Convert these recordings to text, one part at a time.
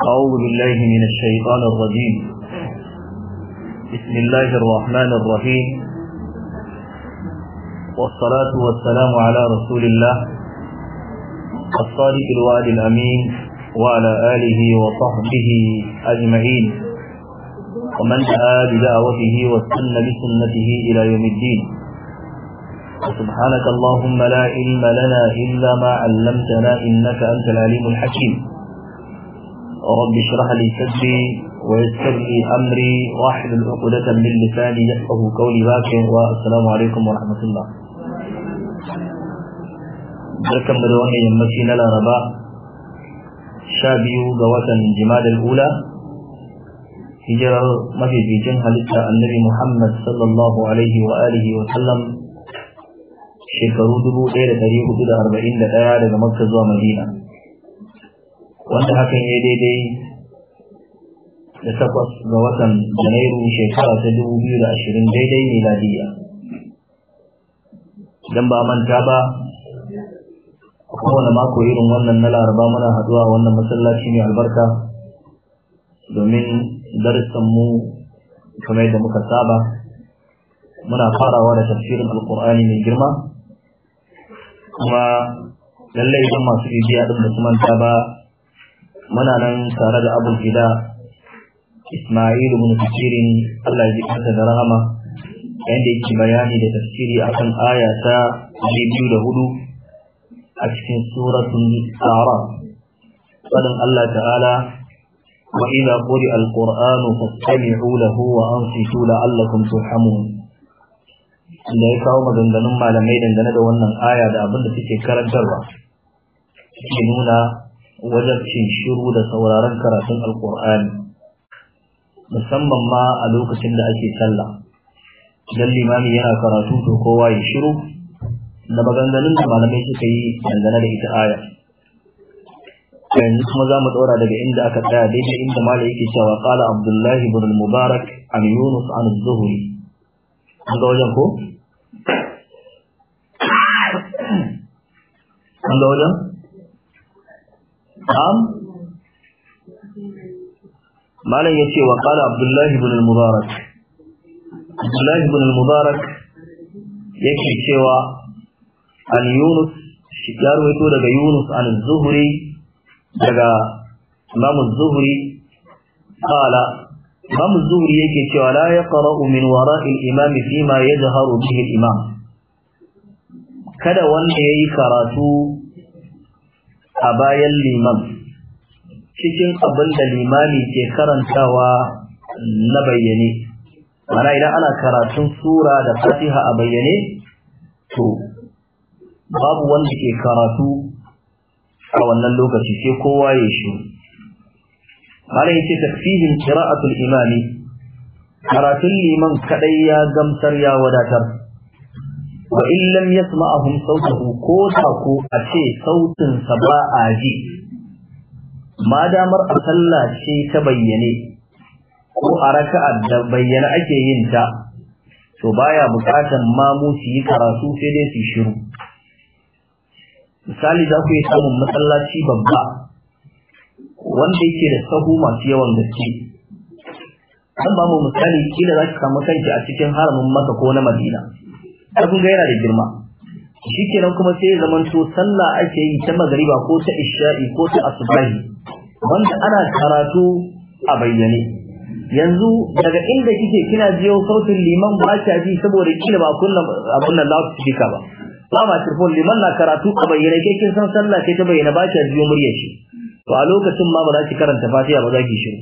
أعوذ بالله من الشيطان الرجيم بسم الله الرحمن الرحيم والصلاة والسلام على رسول الله الصادق الوعد الأمين وعلى آله وصحبه أجمعين ومن دعا بدعوته واستنى بسنته إلى يوم الدين سبحانك اللهم لا علم لنا إلا ما علمتنا إنك أنت العليم الحكيم رب اشرح لي صدري ويسر لي امري واحد العقدة من لساني يفقه قولي باكر والسلام عليكم ورحمة الله. بركم بدوني يمشي نلا ربا شابيو غواتا جماد الاولى هجر مشي في جن النبي محمد صلى الله عليه واله وسلم شكروا دبو ليلة تاريخ 41 لآية مكة زوى مدينة. wanda hakan ya daidai da takwas ga watan janairu shekara ta dubu biyu da ashirin daidai miladiya don ba manta ba a kowane mako irin wannan na laraba muna haduwa wannan masallaci ne albarka domin mu kamar yadda muka saba muna farawa da tafsirin alkur'ani mai girma kuma lallai idan masu bibiya ɗin da su manta ba muna nan tare da abul fida ismail ibn kathir Allah ya ji da rahama yanda yake bayani da tafsiri akan aya ta biyu da hudu a cikin suratun tsara fadin Allah ta'ala wa idza quri'a al-qur'anu fastami'u Tula, wa ansitu la'allakum turhamun da ya kawo maganganun malamai dangane da wannan aya da abin da suke karantarwa suke nuna wajabcin shiru da sauraron karatun alkur'ani musamman ma a lokacin da ake sallah idan limami yana karatu to kowa ya shiru da maganganun da malamai suka yi dangane da ita aya yanzu kuma za mu tsora daga inda aka tsaya daidai inda malam yake cewa qala abdullahi ibn mubarak an yunus an zuhri an ga wajen ko an ga wajen am malam ce wa qala abdullahi ibn al-mubarak abdullahi ibn al-mubarak yake cewa an yunus ya rawaito daga yunus an zuhri daga imam zuhri qala imam zuhri yake cewa la yaqra'u min wara'i al-imam fima yadhharu bihi al-imam kada wanda yayi karatu a bayan liman cikin abin da limani ke karantawa na bayyane mana idan ana karatun sura da fatiha a bayyane to babu wanda ke karatu a wannan lokaci sai kowa ya shi mana yake tafsirin qira'atul imami karatun liman kaɗai ya gamsar ya wadatar wa in lam yasma'ahum sautahu ko da ko a ce sautin sa ba a ji ma damar a sallah ce ta bayyane ko a raka'ar da bayyana ake yin ta to baya bukatan mamu su yi karatu sai dai su shiru misali za ku yi samun masallaci babba wanda yake da sahu masu yawan gaske an ba mu misali kila za ki samu kanki a cikin haramin maka ko na madina ƙarfin kun ga yana da girma Shi kenan kuma sai zaman to sallah ake yi ta magariba ko ta isha'i ko ta asubahi wanda ana karatu a bayyane yanzu daga inda kike kina biyo sautin liman ba ta ji saboda kila ba kunna abun nan lafi speaker ba ba ma telefon liman na karatu a bayyane ke kin san sallah ke ta bayyana ba ta ji muryar shi to a lokacin ma ba za ki karanta fatiha ba za ki shiru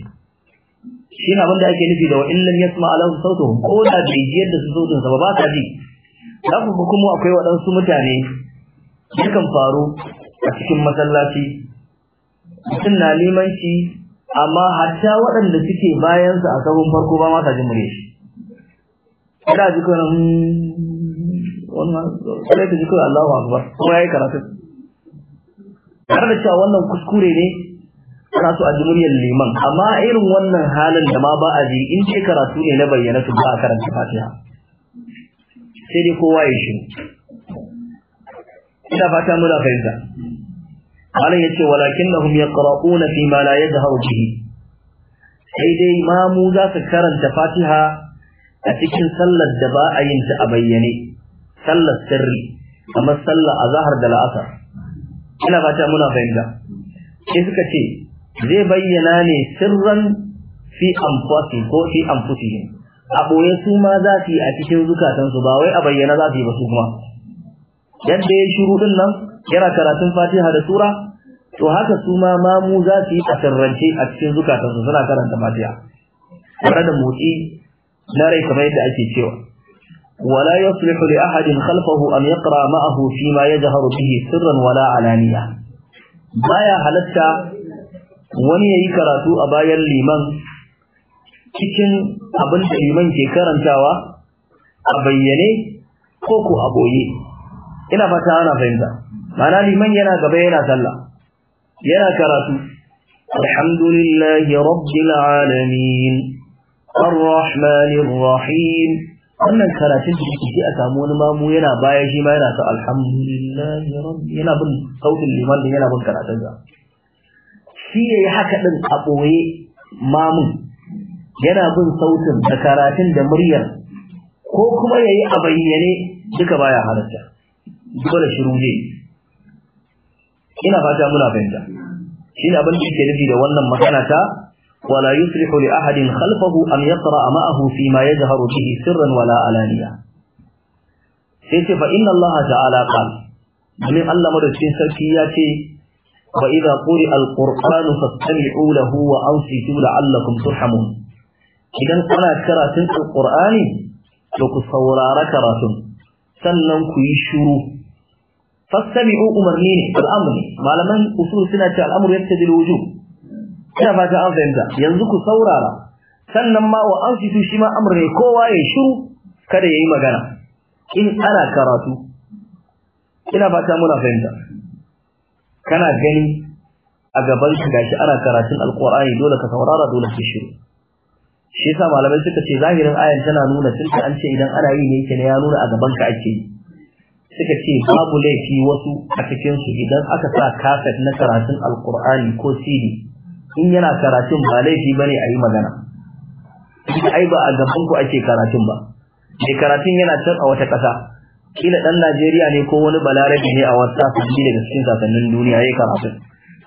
shi ne abin da ake nufi da wa'in lam yasma alahu sautuhum ko da bai ji yadda su sautin sa ba ba ta ji za ku kuma akwai waɗansu mutane yakan faru a cikin masallaci mutum na limanci amma hatta waɗanda suke bayansa a sabon farko ba masa jin mure shi kada ji kawai hmm, wannan kada ji kawai Allahu akbar kuma yayi karatu har da cewa wannan kuskure ne ana so a ji muryar liman amma irin wannan halin da ma ba a ji in ce karatu ne na bayyana su ba a karanta fatiha sai dai kowa ya shi ina fata muna fahimta malam yace walakinnahum yaqra'una fi ma la yadhharu bihi sai dai mamu za su karanta fatiha a cikin sallar da ba a yin ta a bayyane sallar sirri kamar sallar azhar da la'asar ina fata muna fahimta sai suka ce zai bayyana ne sirran fi anfusi ko fi anfusihim a ɓoye su ma za su yi a cikin zukatansu ba wai a bayyana za su yi ba su kuma yadda ya shiru din nan yana karatun fatiha da sura to haka su ma mamu za su yi a sirrance a cikin zukatansu suna karanta fatiha tare da motsi na rai kamar yadda ake cewa ولا يصلح لأحد خلفه أن يقرأ معه فيما يجهر به سرا ولا علانية baya halatta wani yayi karatu a bayan liman cikin abin da liman ke karantawa a bayyane ko ko a boye ina fata ana fahimta mana liman yana gaba yana sallah yana karatu alhamdulillahi rabbil alamin arrahmanir rahim wannan karatun da yake a samu wani mamu yana baya shi ma yana ta alhamdulillahi rabbil yana bin sautin liman din yana bin karatun sa shi yayi haka din a boye mamun yana bin sautin da karatun da muryar ko kuma ya yi a bayyane duka baya halatta dole shiru ne ina fata muna fahimta shi ne abin da yake nufi da wannan magana ta ولا يصلح لأحد خلفه أن يقرأ معه فيما يجهر به سرا ولا علانية سيتي فإن الله تعالى قال من الله مدرسين سركياتي وإذا قرئ القرآن فاستمعوا له وأنصتوا لعلكم ترحمون idan ana karatun alqur'ani to ku saurara karatun sannan ku yi shuru fastabi'u umarni ne al'amr malaman usul suna ce al'amr yattabi al-wujub ina ba an fahimta yanzu ku saurara sannan ma wa anfitu shi ma amr ne kowa ya shiru kada yayi magana in ana karatu ina fata muna fahimta kana gani a gaban ka gashi ana karatun alqur'ani dole ka saurara dole ka shiru shi yasa malamai suka ce zahirin ayan tana nuna tunda an ce idan ana yi ne ne ya nuna a gaban ka ake yi suka ce babu laifi wasu a cikin su idan aka sa kafet na karatun alkur'ani ko cd in yana karatun ba laifi bane a yi magana ai ba a gaban ku ake karatun ba mai karatun yana can a wata ƙasa kila ɗan Najeriya ne ko wani balarabi ne a wata sabbin daga cikin sasannin duniya yi karatun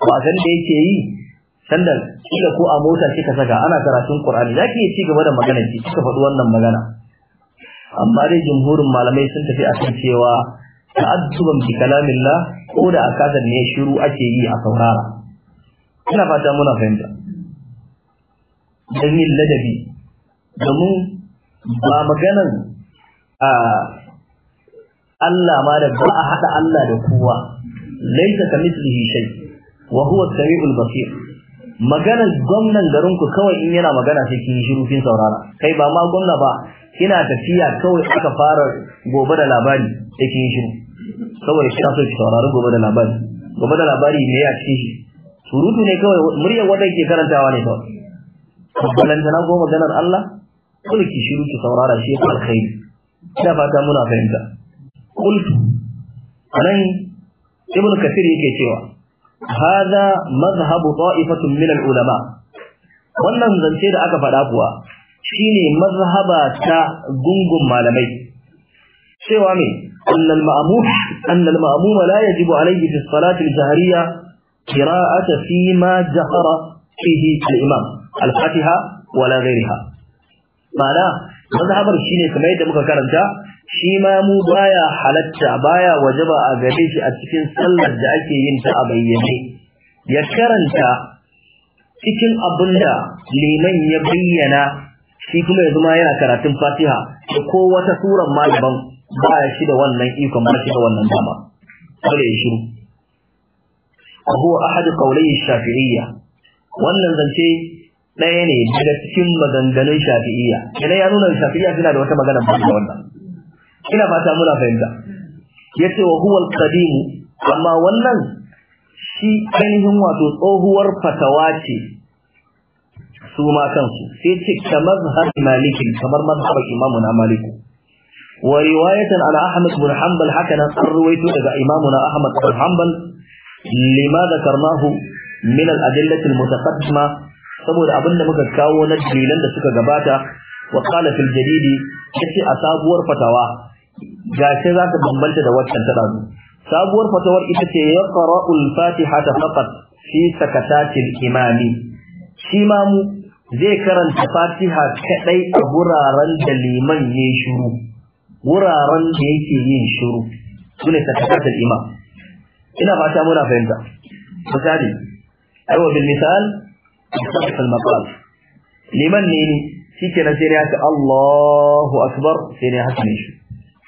ba san da yake yi sannan kila ko a mota kika saka ana karatun Qur'ani zaki iya ci gaba da magana ki kika faɗi wannan magana amma dai jumhurin malamai sun tafi akan cewa ta'adduban bi kalamillah ko da akasar ne shiru ake yi a saurara ina fata muna fahimta dan yin ladabi domin ba maganan a Allah ma da ba a haɗa Allah da kowa laisa ka mislihi shay wa huwa samiul basir maganar gwamnan garin ku kawai in yana magana sai kin shiru kin saurara kai ba ma gwamna ba kina tafiya kawai aka fara gobe da labari sai kin shiru saboda kina so ki saurari gobe da labari gobe da labari ne ya ci shi surutu ne kawai muryar wanda ke karantawa ne kawai na ko maganar Allah kula ki shiru ki saurara shi ko alkhairi ina fata muna fahimta qultu anan ibnu kasir yake cewa hadha madhhabu ta'ifatun min al-ulama wannan zance da aka faɗa kuwa shine mazhaba ta gungun malamai cewa me annal ma'mum annal ma'mum la yajibu alayhi fi salati al-jahriyya qira'ata fi ma jahara fihi al-imam al-fatiha wala ghayriha ma'ana mazhabar shine kamar yadda muka karanta shi ma mu baya halatta baya wajaba a gare shi a cikin sallar da ake yin ta a bayyane ya karanta cikin abinda liman ya bayyana shi kuma ya zama yana karatun fatiha da ko wata suran ma daban baya shi da wannan ikon ba shi da wannan dama dole ya shiru وهو أحد قولي Shafi'iyya wannan zance ɗaya ne daga cikin maganganun shafi'iyya idan ya nuna shafi'iyya suna da wata magana ba da wannan ina fata muna fahimta ce wa huwa al amma wannan shi ainihin wato tsohuwar fatawa ce su ma kansu sai ce kamar mazhab malikin kamar mazhab imamu na maliku wa riwayatan ala ahmad bin hanbal haka nan an ruwaito daga imamuna na ahmad bin hanbal lima zakarnahu min al-adillati al-mutaqaddima saboda abin da muka kawo na dalilan da suka gabata wa qala fil jadidi yace a sabuwar fatawa gashe za ta bambanta da waccan ta ɗazu sabuwar fatawar ita ce ya qara'ul fatiha ta faqat fi sakatatil imami shi mamu zai karanta fatiha kadai a wuraren da liman ya yi shuru. wuraren da yake yin shiru sune sakatatil imam ina fata muna fahimta misali aiwa bil misal al maqal liman ne ne shikenan sai ne haka Allahu akbar sai ne haka ne shi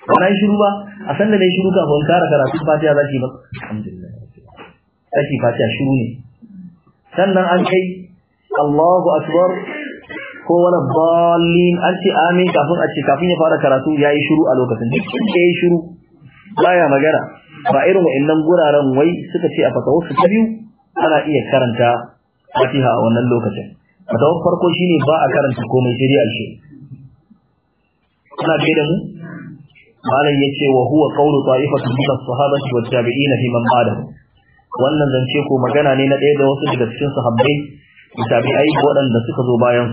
ba na shiru ba a san da na shiru kafin kara karatu fatiha za ki ba alhamdulillah za ki fatiha shiru ne sannan an kai Allahu akbar ko wani balin an ce amin kafin a ce kafin ya fara karatu ya yi shiru a lokacin duk da ya yi shiru baya magana ba irin wa'annan guraren wai suka ce a fatawar su ta biyu ana iya karanta fatiha a wannan lokacin fatawar farko shine ba a karanta komai shari'a shi kana bai da mu malam yace wa huwa qawlu ta'ifatin min as-sahabati wat tabi'in fi man ba'da wannan zance ko magana ne na ɗaya da wasu daga cikin sahabbai da tabi'ai waɗanda suka zo bayan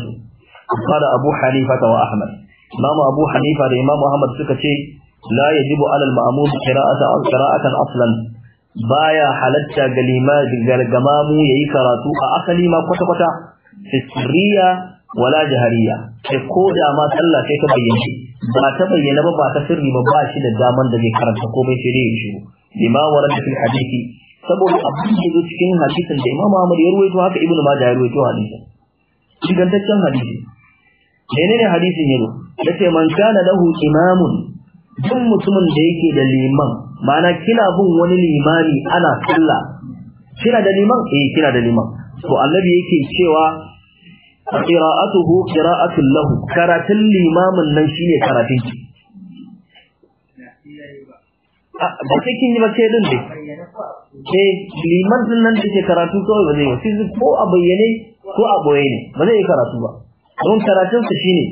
su qala abu hanifa wa ahmad imam abu hanifa da imam ahmad suka ce la yajibu 'ala al-ma'mum qira'ata aw qira'atan aslan baya halatta ga limamin yayi karatu a asali ma kwata kwata fi wala jahariya kai ko da ma sallah sai ka bayyance ba ta bayyana ba ba ta sirri ba ba shi da daman da zai karanta ko sai dai ya shigo lima warada fil hadisi saboda abin da cikin hadisin da Imam Ahmad ya ruwaito haka Ibnu Majah ya ruwaito hadisin ingantaccen hadisi menene hadisin yazo yace man kana lahu imamun duk mutumin da yake da liman mana kina bin wani limani ana sallah kina da liman eh kina da liman to annabi yake cewa qira'atuhu qira'atul lahu karatun limamin nan shine karatun ki ba sai kin yi ba sai din dai eh liman din nan da ke karatu kawai ba zai ba sai ko a bayyane ko a boye ne ba zai yi karatu ba don karatun sa shine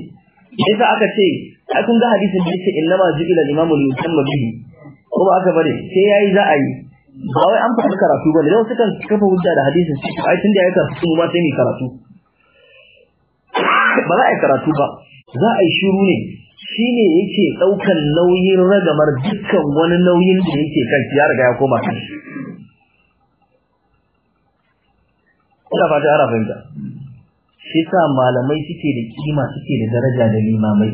yasa aka ce ai kun ga hadisin da yake innama jibila limamu li yusamma bihi ko ba aka bare sai yayi za a yi ba wai an fara karatu ba ne wasu sukan kafa hujja da hadisin ai tunda yayi karatu kuma sai ni karatu ba za a yi karatu ba za a yi shiru ne shi ne yake ɗaukan nauyin ragamar dukkan wani nauyin da yake kan ya riga ya koma kan shi ina fata ana fahimta shi sa malamai suke da kima suke da daraja da limamai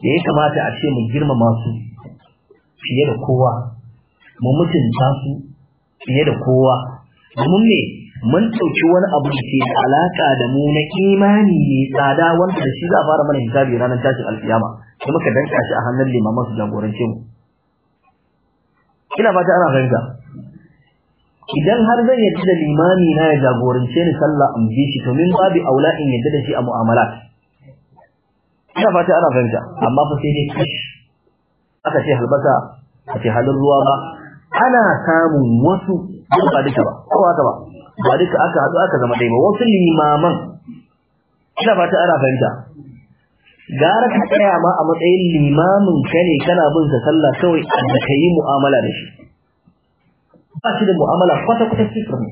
da ya kamata a ce mu girmama su fiye da kowa mu mutunta su fiye da kowa domin me mun ɗauki wani abu da ke da alaƙa da mu na imani mai tsada wanda da shi za a fara mana hisabi ranar tashin alkiyama kuma muka danka shi a hannun limaman su jagorance mu ina fata ana fahimta idan har zan yadda da limami na ya jagorance ni sallah in bi shi to min babu aula in yadda da shi a mu'amala ina fata ana fahimta amma fa sai dai kash aka ce halbasa a ce halin ruwa ba ana samun wasu ba duka ba ko haka ba ba duka aka haɗu aka zama dai ba wasu limaman ina ba ta ana fahimta gara ka tsaya ma a matsayin limamin ka ne kana bin sa sallah kawai da ka yi mu'amala da shi ba shi da mu'amala kwata kwata sifir ne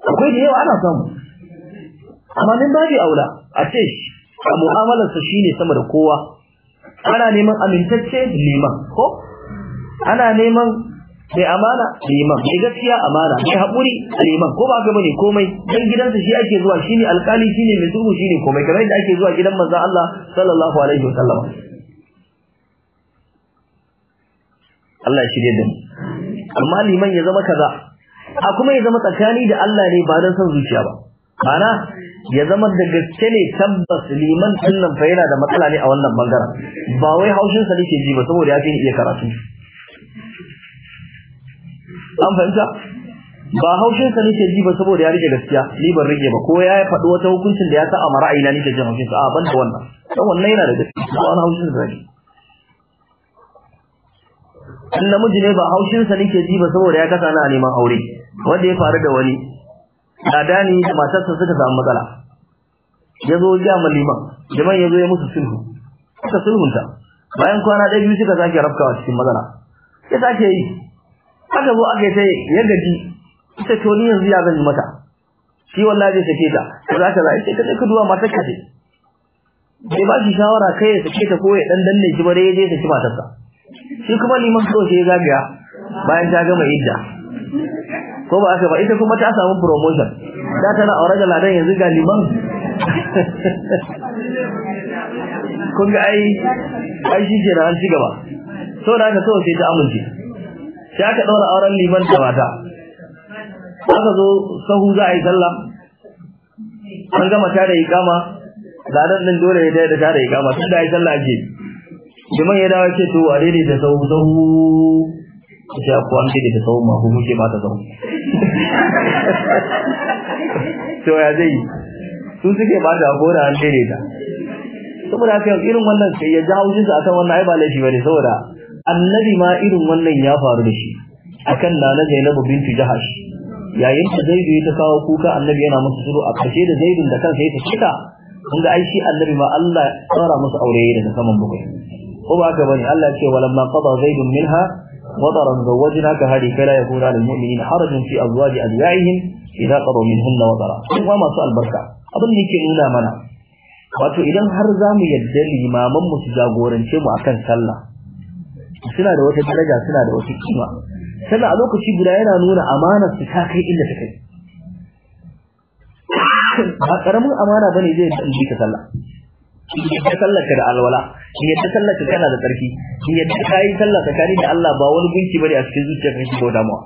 akwai da yawa ana samu amma nan babu aula a ce a sa shine sama da kowa ana neman amintacce liman ko ana neman mai amana liman mai gaskiya amana mai haƙuri liman ko ba gaba ne komai dan gidansa shi ake zuwa shine alƙali shine mai shi shine komai kamar yadda ake zuwa gidan manzon Allah sallallahu alaihi wasallam Allah ya shirye da amma liman ya zama kaza a kuma ya zama tsakani da Allah ne ba don son zuciya ba ma'ana ya zama da gaske ne tabbas liman din nan fa yana da matsala ne a wannan bangaren ba wai haushin sa ke ji ba saboda ya fi iya karatu an fahimta ba haushin sa nake ji ba saboda ya rike gaskiya ni ban rike ba ko ya faɗi wata hukuncin da ya sa a mara'ayi na nake jin haushin sa a ban da wannan dan wannan yana da gaskiya ko an haushin sa ne in namiji ne ba haushin sa nake ji ba saboda ya kasa na neman aure wanda ya faru da wani ladani da matarsa suka samu matsala ya zo ya ma liman liman ya zo ya musu sulhu suka sulhunta bayan kwana ɗaya biyu suka sake rafkawa cikin matsala ya sake yi aka zo aka yi ta ya gaji ita to ni yanzu ya zan yi mata shi wallahi zai sake ta ko za ta za ita ka ka duwa mata ka ce bai ba shi shawara kai ya sake ta ko ya dan danne shi bare ya je saki matarsa shi kuma liman so sai ya zagaya bayan ta gama idda ko ba aka ba ita kuma ta samu promotion da tana aure da ladan yanzu ga liman kun ga ai ai shi ke na an ci gaba da aka so sai ta amince sai aka ɗaura auren liman da mata aka zo sahu za a yi sallah an gama tare ikama da nan din dole ya da tare ikama tun da yi sallah ake liman ya dawo ce to a daidai da sahu sahu ya ko an daidai da sahu ma ko muke mata sahu to ya zai su suke ba a gora an daidai ta saboda haka irin wannan sai ya jawo a akan wannan ai ba laifi ne, saboda annabi ma irin wannan ya faru da shi akan nana Zainabu bintu Jahash yayin da Zaidu ya kawo kuka annabi yana musu shiru a ƙarshe da Zaidun da kansa ya tafi ta kun ga ai shi annabi ma Allah ya tsara musu aure daga saman bakwai ko ba haka bane Allah ya ce walamma qada Zaidun minha وطرا زوجناك هذه فلا يكون على المؤمنين حرج في أزواج أديائهم إذا قضوا منهن وطرا وما masu albarka. abin da yake nuna mana wato idan har za mu yadda limaman mu su jagorance mu akan sallah suna da wata daraja suna da wata kima sannan a lokaci guda yana nuna amanar su ta kai inda ta kai ba karamin amana bane zai da in ka sallah yadda ka da alwala yadda ka kana da tsarki yadda kai sallah tsakani da Allah ba wani gunki bane a cikin zuciyarka shi ko damuwa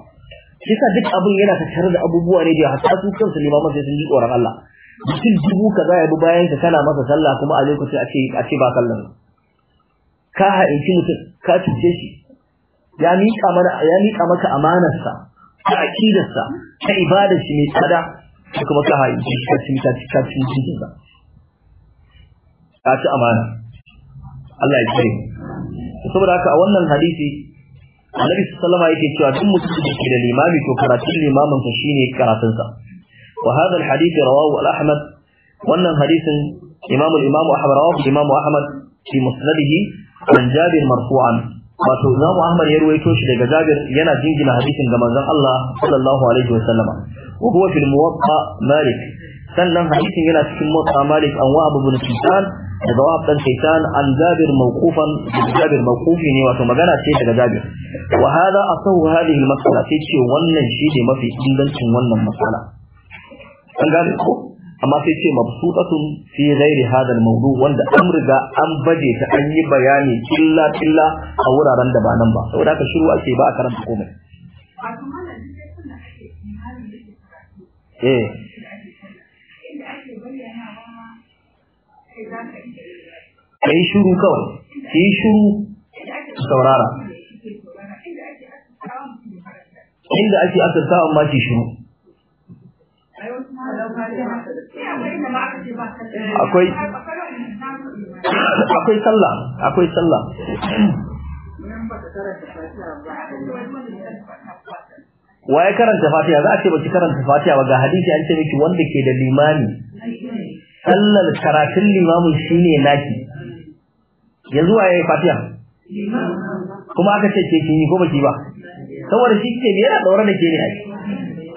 yasa duk abin yana tattare da abubuwa ne da hatta su kansu limaman sai sun ji tsoron Allah mutum dubu kaza ya bi bayan ka kana masa sallah kuma a lokacin a ce ba sallar. ka ha'inci mutum ka cuce shi ya miƙa mana ya miƙa maka amanarsa ta aqidarsa ta ibadar shi mai tsada da kuma ka hayi ka cuta ka cuce ba ka ci amana Allah ya kare. tsare saboda haka a wannan hadisi Annabi sallallahu alaihi wasallam yake cewa duk mutum da ke da limami to karatun limamin sa shine karatun sa wa hadha alhadith rawahu al-Ahmad wannan hadisin Imam al-Imam Ahmad rawahu Imam Ahmad fi musnadihi an jabir marfu'an wato Imam Ahmad ya ruwaito shi daga Jabir yana jingina hadisin ga manzon Allah sallallahu alaihi wa sallama wa huwa fil muwatta Malik sannan hadisin yana cikin muwatta Malik an wa Abu Sultan daga wa Abdan Sultan an Jabir mawqufan Jabir mawqufi ne wato magana ce daga Jabir wa hada asahu hadhihi al-mas'ala sai ce wannan shi ne mafi ingancin wannan mas'ala an gane ko amma sai ce mabsutatun fi ghairi hada maudu wanda an riga an baje ta an yi bayani killa killa a wuraren da ba nan ba saboda haka shiru ake ba a karanta komai eh kai shiru kawai ki shiru saurara inda ake aka sa amma ki shiru akwai akwai sallah akwai sallah wa ya karanta fatiha za a ce baki karanta fatiha ba ga hadisi an ce miki wanda ke da limami sallar karatun limamin shine naki yanzu wa yayi fatiha kuma aka ce ke kin yi ko baki ba saboda shi ke ne yana daura da ke ne ai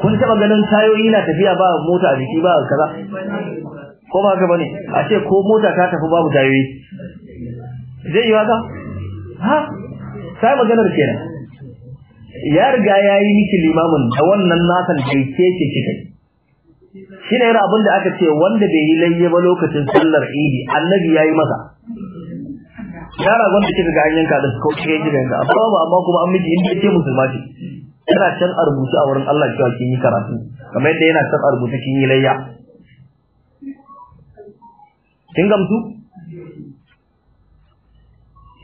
kun taba ganin tayoyi na tafiya ba mota a jiki ba kaza ko ba haka bane a ce ko mota ta tafi babu tayoyi zai yi haka ha sai maganar kenan ya riga ya yi miki limamin da wannan nasan bai ke kika shi ne yana abin da aka ce wanda bai yi layye ba lokacin sallar idi annabi ya yi masa ya ragon da kika ga hanyar kaɗin da ko kika yanka amma amma kuma an miji inda ce musulma ce yana can a rubuce a wurin Allah cewa kin yi karatu kamar yadda yana can a rubuce kin yi layya kin gamsu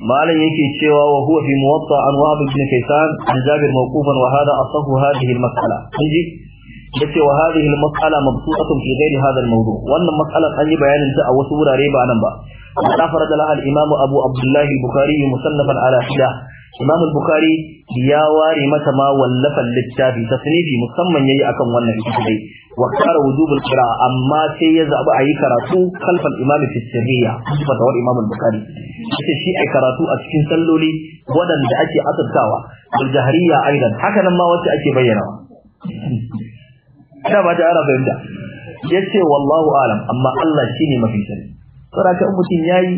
malam yake cewa wa huwa fi muwatta an wahab ibn kaysan an jabir mawqufan wa hada asahu hadhihi al-mas'ala kinji yace wa hadhihi al-mas'ala mabsutatun fi ghairi hadha al-mawdu' wannan mas'alan an yi bayanin ta a wasu wurare ba nan ba ta farada al-imam abu abdullah al-bukhari musannafan ala hida imam al-bukhari ya ware mata ma wallafan littafi tasnifi musamman yayi akan wannan kitabai wa qara wujubul qira amma sai ya zabi ayi karatu kalfan imam fi sirriya sifata wa imam al-bukhari sai shi ai karatu a cikin salloli wadanda ake asabtawa wal jahriya aidan haka nan ma wacce ake bayyana da ba ta ara bayyana yace wallahu alam amma Allah shine mafi sani saboda in mutum yayi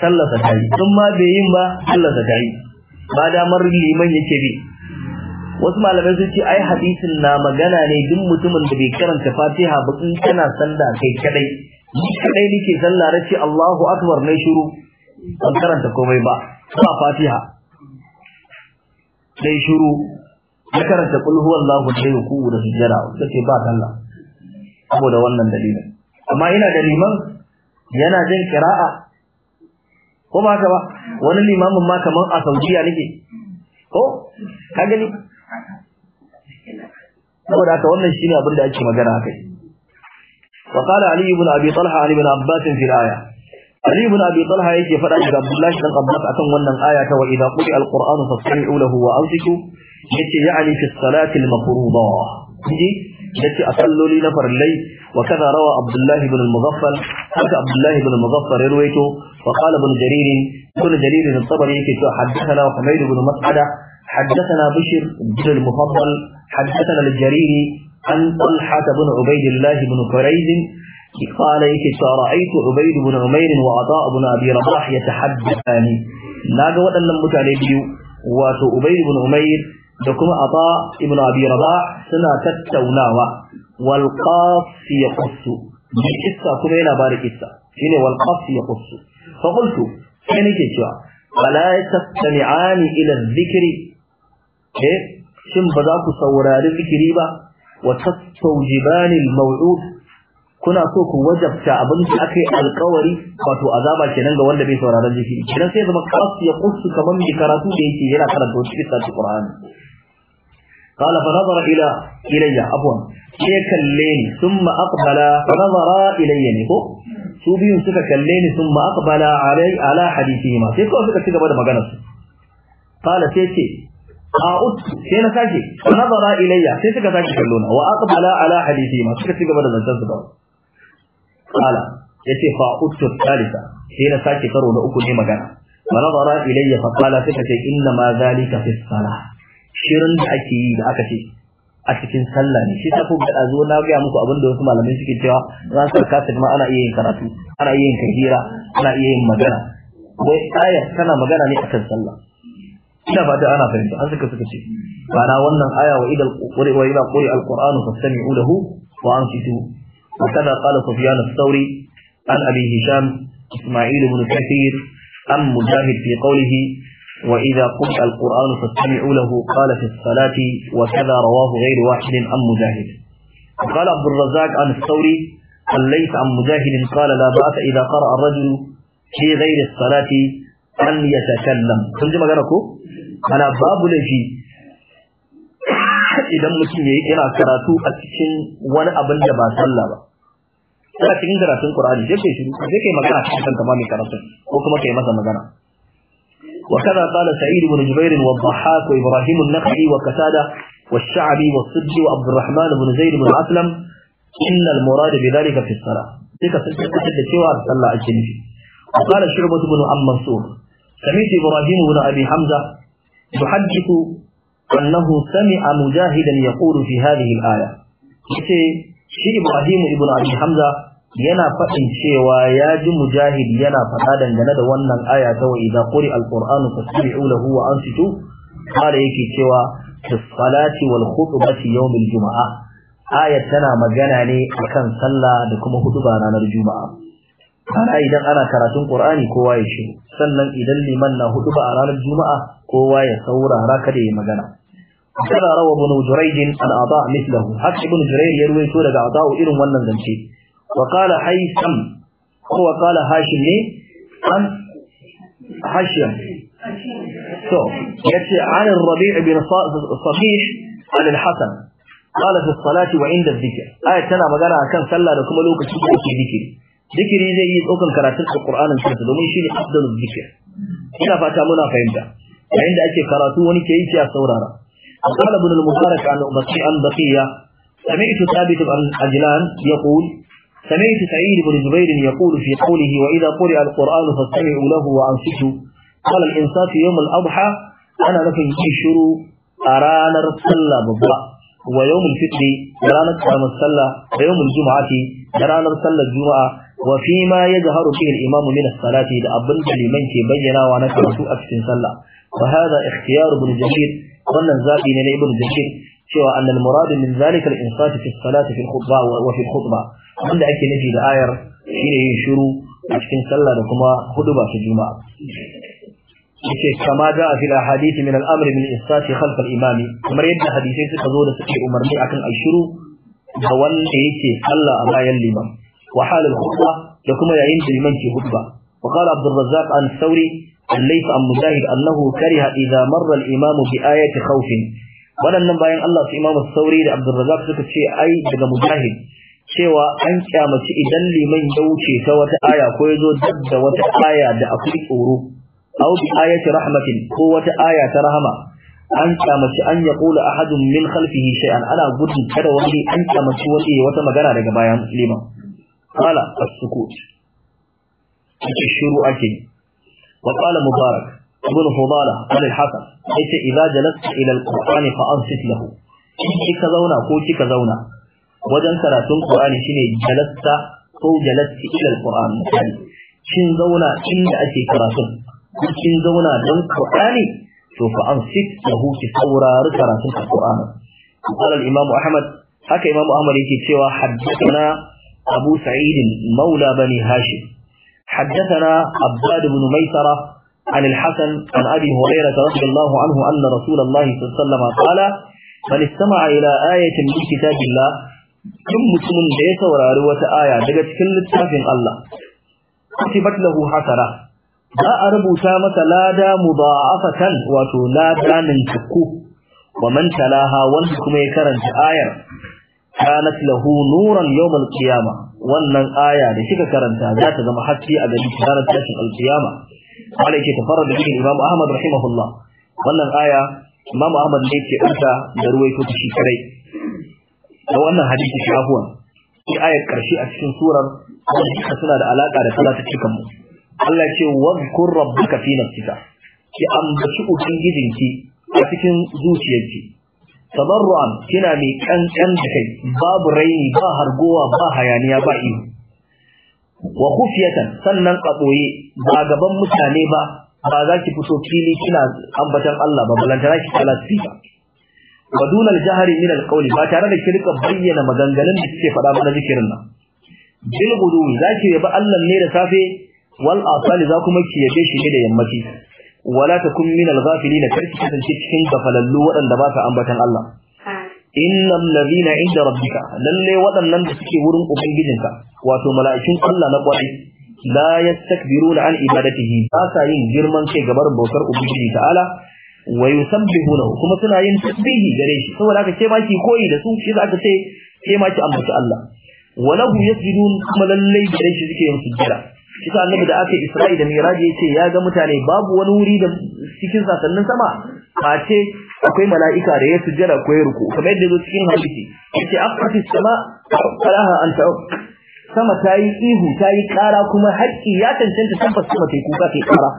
sallarsa ta yi in ma bai yin ba sallar ta yi ba damar liman yake bi wasu malamai sun ce ai hadisin na magana ne duk mutumin da bai karanta fatiha ba in kana sanda kai kadai ni kadai nake sallah na ce Allahu akbar na shiru ban karanta komai ba ba fatiha dai shiru ya karanta kul huwallahu da yuku da sujjada kace ba sallah saboda wannan dalilin amma ina da liman yana jin kira'a ko ba haka ba wani limamin ma kamar a saudiya nake ko ka gani saboda haka wannan ne abin da ake magana akai wa qala ali ibn abi talha ali ibn abbas fi aya ali ibn abi talha yake fada ga abdullahi dan abbas akan wannan aya ta wa idza quri al-qur'an fastami'u lahu wa ansitu yace ya'ni fi salati al-mafruḍa ji yace a salloli na farlai wa kaza rawa abdullahi ibn al-mughaffal haka abdullahi ibn al-mughaffal rawaito وقال ابن جرير كل جرير الطبري في حدثنا حميد بن مسعدة حدثنا بشر بن المفضل حدثنا الجريري عن طلحة بن عبيد الله بن فريد قال يكي رأيت عبيد بن عمير وعطاء بن أبي رباح يتحدثان ناقا ودن متعلي بيو عبيد بن عمير دكما عطاء ابن أبي رباح سنة تتوناوا والقاف يقص بكسة كما ينا بارك كسة والقاف يقص fa qultu sai nake cewa wala tastami'ani ila dhikri eh shin ku saurari zikiri ba wa tastawjibani al kuna so ku wajabta abin da aka yi alkawari wato azaba kenan ga wanda bai saurari zikiri kenan sai zama kasu ya kusu kamar mai karatu da yake yana karanta wasu kitab Qur'ani قال فنظر إلى إلي عفوا شيء كلين ثم أقبل فنظر إلي نكو su biyun suka kalle ni sun ba aka bala alai ala hadisi ma sai kawai suka ci gaba da maganar su qala sai ce a ut sai na sake nazara ilayya sai suka sake kallo na wa aqbala ala hadisi ma suka ci gaba da zantar su ba qala yace fa utu salisa sai na sake karo na uku ne magana wa nazara ilayya fa qala sai ce inna ma zalika fi salah shirin da ake yi da aka ce a cikin sallah ne shi ta ko ga zo na ga muku abin da wasu malamai suke cewa ran sa ka ma ana iya yin karatu ana iya yin kahira ana iya yin magana wai aya tana magana ne akan sallah ina ba fata ana fahimta an suka suka ce na wannan aya wa idal qur'ani wa idal qur'ani alqur'anu fastami'u lahu wa ansitu wa kada qala sufyan ath-thawri an abi hisham isma'il ibn kathir am mujahid fi qawlihi وإذا قرئ القرآن فاستمعوا له قال في الصلاة وكذا رواه غير واحد عن مجاهد وقال عبد الرزاق عن الثوري عن ليس عن مجاهد قال لا بأس إذا قرأ الرجل في غير الصلاة أن يتكلم كنت ما قالكو أنا باب لجي idan mutum yayi yana karatu a cikin wani abin da ba sallah ba kana cikin karatun Qur'ani sai kai shi sai kai magana kan kamar mai karatu ko kuma kai masa magana وكذا قال سعيد بن جبير والضحاك وإبراهيم النخعي وكسادة والشعبي والصدي وعبد الرحمن بن زيد بن أسلم إن المراد بذلك في الصلاة تلك تحدد سوى صلى الجنة وقال شعبة بن عم منصور سمعت إبراهيم بن أبي حمزة يحدث أنه سمع مجاهدا يقول في هذه الآية شيء إبراهيم بن أبي حمزة yana faɗin cewa ya ji mujahid yana faɗa dangane da wannan aya ta wa idza quri alqur'anu fastami'u lahu wa fito kare yake cewa fi salati wal khutbati juma'a aya tana magana ne akan sallah da kuma hutuba ranar juma'a na idan ana karatun qur'ani kowa ya shiru sannan idan liman na ba a ranar juma'a kowa ya saurara kada ya magana kada rawa ibn jurayj an aba Mislahu, hak ibn jurayj ya daga aba irin wannan zance وقال حيثم هو قال هاشم ne an hashim yace an rabi' bin sabih an al-hasan قال في الصلاة وعند الذكر آية تنا magana akan sallah da kuma lokaci da ake zikiri zikiri zai yi tsokan karatun alqur'anin kansa domin shi ne afdalul zikr ina fata muna fahimta yayin da ake karatu wani ke yi ya saurara qala ibn al-mubarak an ubaqi an sami'tu thabit ibn ajlan سمعت سعيد بن جبير يقول في قوله وإذا قرئ القرآن فاستمعوا له وأنصتوا قال الإنصات يوم الأضحى أنا نفن تشروا أرانا رسلا ببا ويوم الفطر أرانا كرام السلة ويوم الجمعة أرانا رسلا الجمعة وفيما يظهر فيه الإمام من الصلاة لأبن أبن لمن بينا ونكرة أكس سلة وهذا اختيار ابن جرير وأن من ابن جبير شو أن المراد من ذلك الإنصات في الصلاة في الخطبة وفي الخطبة عند أك نجي الآير حين ينشروا أشكن صلى لكما خطبة في الجمعة كما جاء في الأحاديث من الأمر من الإنصات خلف الإمام كما يبدأ حديثين ستظور سكي أمر مي أكن أشرو دول إيتي صلى أما يلما وحال الخطبة لكما يعين لمن في خطبة وقال عبد الرزاق عن الثوري ليس عن مجاهد أنه كره إذا مر الإمام بآية خوف waɗannan bayan Allah su imamu sauri da abdurrazak suka ce ai daga mujahid cewa an kyamaci idan liman ya wuce ta wata aya ko ya zo da wata aya da akwai tsoro aw bi ayati rahmatin ko wata aya ta rahama an kyamaci an ya kula ahadun min khalfihi shay'an al'a gudun kada wani an kyamaci wani wata magana daga bayan liman qala as-sukut shiru ake wa qala mubarak ibn Fudala Ali Hassan yace idza jalasta ila al-Qur'ani fa ansit lahu kika zauna ko kika zauna wajen karatun Qur'ani shine jalasta ko jalasti ila al-Qur'ani kin zauna inda ake karatu kin zauna don Qur'ani to fa ansit lahu ki saurari karatun Qur'ani qala al-Imam Ahmad haka Imam Ahmad yake cewa haddathana Abu Sa'id Maula bani Hashim حدثنا عباد بن ميسره عن الحسن عن أبي هريرة رضي الله عنه أن رسول الله صلى الله عليه وسلم قال من استمع إلى آية من كتاب الله ثم مسلم ليس وراروة آية دقت كل تافن الله كتبت له za a rubuta masa lada mudha'afatan wato lada ninkuku wa man talaha kuma ya karanta ayar kanat lahu nuran yawm wannan aya da kika karanta za ta zama haske a gaban ranar tashin al wanda yake tafarra da cikin Imam Ahmad rahimahullah wannan aya Imam Ahmad ne yake ɗanta da ruwaito ta shi kadai da wannan hadisi shi afuwan sai aya karshe a cikin surar wanda suna da alaka da salatu cikin mu Allah ce wadhkur rabbaka fi nafsika ki ambaci ubangijinki a cikin zuciyarki tabarru'an kina mai kankan da kai babu raini ba hargowa ba hayaniya ba iyo wa khufiyatan sannan ɓoye ba gaban mutane ba ba za ki fito fili kina ambatan Allah ba balantana ki kala sifa wa dun al jahri min al qawli ba tare da kirka bayyana maganganun da kike faɗa mana zikirin nan bil gudumi za ki yabi Allah ne da safe wal asali za kuma ki yabe shi ne da yammaci wala takun min al ghafilin kar ki kasance cikin gafalallu waɗanda ba sa ambatan Allah innal ladina inda rabbika lalle waɗannan da suke wurin ubangijinka wato mala'ikun Allah na kwarai la yastakbiruna an ibadatihi ba sa yin girman kai gabar bautar ubangiji ta'ala wa yusabbihunahu kuma suna yin tasbihi gare shi saboda haka ce ma ki koyi da su shi za aka ce ce ma ki ambaci Allah wa lahu yasjudun kuma lalle gare shi suke yin sujjada shi sa annabi da aka Isra'i da ya ce ya ga mutane babu wani wuri da cikin sasannin sama face akwai mala'ika da ya sujjada ko ya ruku kamar yadda zo cikin hadisi yace aqati sama falaha an ta'u sama tayi ihu tayi kara kuma haƙƙi ya tantance tabbas sama tayi kuka ke kara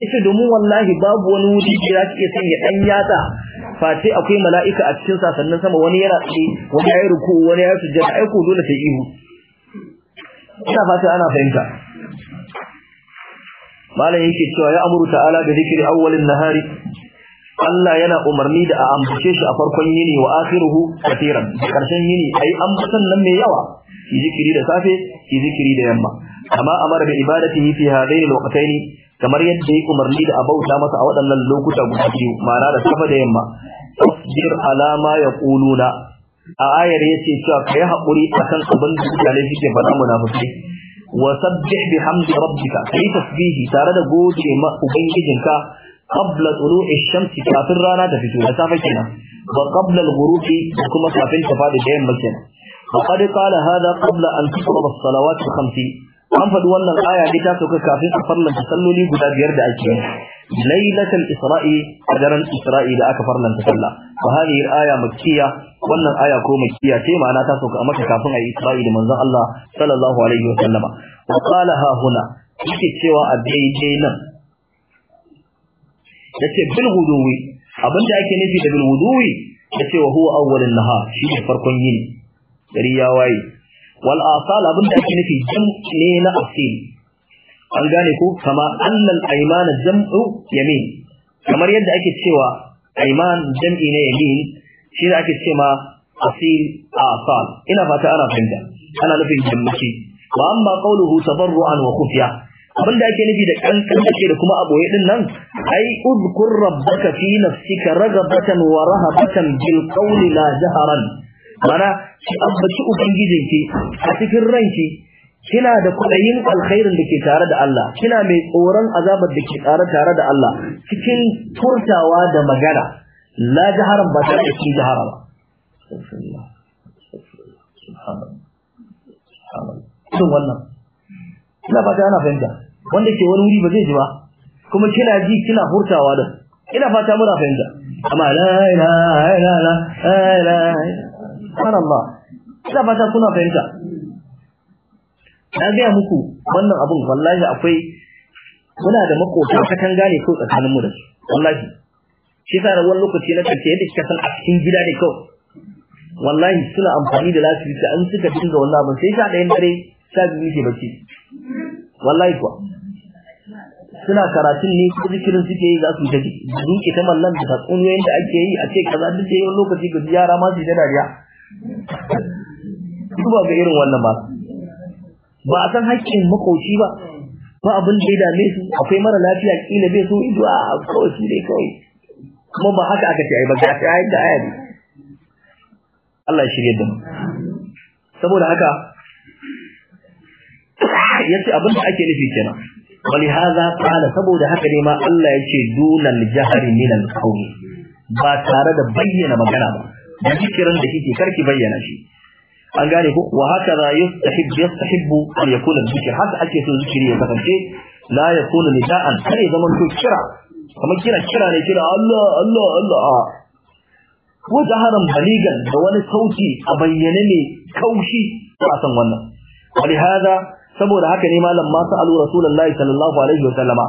yace domin wallahi babu wani wuri da za iya sanya dan yatsa Fati akwai mala'ika a cikin sa sannan sama wani yana tsaye wani ya ruku wani ya sujjada ai ko dole sai ihu ina fata ana fahimta malam yake cewa ya amuru ta'ala da zikiri awwalin nahari Allah yana umarni da a ambace shi a farkon yini wa akhiruhu katiran karshen yini ai ambatan nan mai yawa ki zikiri da safe ki zikiri da yamma amma amara da ibadatihi fi hadaini ni. kamar yadda yake umarni da abauta masa a waɗannan lokuta guda biyu ma'ana da safe da yamma tasbir alama ya yaquluna a ayar yace cewa kai hakuri akan abin da mutane suke faɗa munafiki wa sabbih bihamdi rabbika kai tasbihi tare da gode ma ubangijinka qabla tulu'i shamsi kafin rana ta fito da safe kenan wa qabla al-ghurubi kuma kafin ta fadi da yamma kenan faqad qala hadha qabla an tuqra as-salawat al an faɗi wannan aya ne ta sauka kafin a farlanta salloli guda biyar da ake lailatul isra'i a daren isra'i da aka farlanta sallah fa hadhihi al-aya makkiya wannan aya ko makkiya ce ma'ana ta sauka a maka kafin a yi isra'i da manzon Allah sallallahu alaihi wa sallama wa qala ha huna yake cewa a daidai nan yace bil huduwi abinda ake nufi da bil huduwi yace wa huwa awwalun nahar shi ne farkon yini gari ya waye wal asal abinda ake nufi jam'i ne na asil an gane ko kama annal aymana jam'u yamin kamar yadda ake cewa ayman jam'i ne yamin shi ne ake cewa asil asal ina fata ana fahimta ana nufin jammaci wa amma qawluhu tabarru'an wa khufiya abin da ake nufi da kankan take da kuma aboye din nan ai uzkur rabbaka fi nafsika ragabatan wa rahabatan bil qawli la jaharan mana ki ambaci ubangijinki a cikin ranki kina da kudayin alkhairin da ke tare da Allah kina mai tsoron azabar da ke tare tare da Allah cikin furtawa da magana la jaharan ba da cikin jahara ba wannan ina fata ana fahimta wanda ke wani wuri ba zai ji ba kuma kina ji kina hurtawa da ina fata muna fahimta amma la ilaha illallah la ilaha subhanallah ina fata kuna fahimta na gaya muku wannan abun wallahi akwai muna da makota kan gane ko tsakanin mu da su wallahi shi sa da wani lokaci na tafiye yadda kika san a cikin gida ne kawai wallahi suna amfani da lasibiti an suka dinga wannan abin sai sha ɗayan dare sha biyu ke bacci wallahi kuwa suna karatun ne ko zikirin suke yi za su ta duke ta mallan da yayin da ake yi a ce kaza duk yayin lokaci ga yara ma su ta dariya duba ga irin wannan ba ba a san haƙƙin makoci ba ba abin da ya dame su akwai mara lafiya kila bai so ido a kawai su dai kawai kuma ba haka aka ce ai ba ga ta ayat da ayat Allah ya shirye da mu saboda haka yace abin da ake nufi kenan walihaza qala saboda haka ne ma Allah yace dunal jahri min al qawli ba tare da bayyana magana ba da zikirin da kike karki bayyana shi an gane ko wa haka da yustahib yustahibbu an yakuna zikir haka ake so zikiri ya kasance la yakuna nida'an kare zaman to kira kamar kira kira ne kira Allah Allah Allah ko jaharan baligan da wani sauti a bayyane ne kaushi ba san wannan walihaza saboda haka ne malam masu alu rasulullahi sallallahu alaihi wa sallama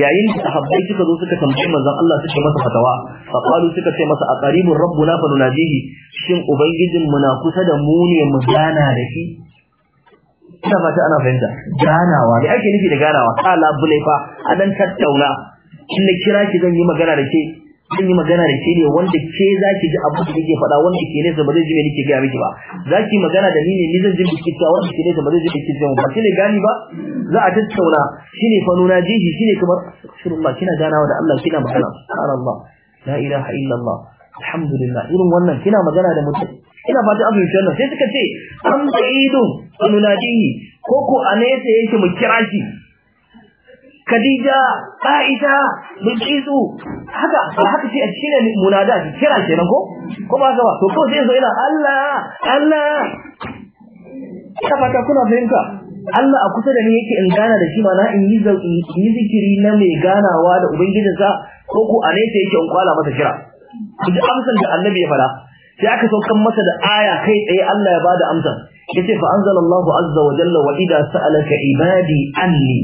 yayin da sahabbai suka zo suka tambayi manzon Allah suka masa fatawa fa suka ce masa a qaribun rabbuna fa nunajihi shin ubangijin mu na kusa da mu ne mu gana da shi ina fata ana fahimta ganawa me ake nufi da ganawa kala labulai fa a tattauna in na kira ki zan yi magana da ke zan yi magana da ke ne wanda ke za ki ji abin da nake faɗa wanda ke nesa ba zai ji me nake gaya miki ba za ki magana da ni ne ni zan ji miki cewa wanda ke nesa ba zai ji me kike ba ne gani ba za a tattauna shine fa nuna jiji shine kamar ba kina ganawa da Allah kina magana subhanallah la ilaha illallah alhamdulillah irin wannan kina magana da mutum ina fata abin shi wannan sai suka ce an ba'idun fa nunadihi ko ko a nesa yake mu kira shi Khadija, Aisha, Bilkisu, haka ba haka ce shi ne munada kira ko? Ko ba haka ba? To ko sai zo ina Allah, Allah. Ina fata kuna fahimta. Allah a kusa da ni yake in gana da shi mana in yi zikiri na mai ganawa da ubangijinsa ko ko a nesa yake in kwala masa kira. Ku amsan da Annabi ya fada. Sai aka saukan masa da aya kai tsaye Allah ya bada amsa Yace fa anzalallahu azza wa jalla wa idza sa'alaka ibadi anni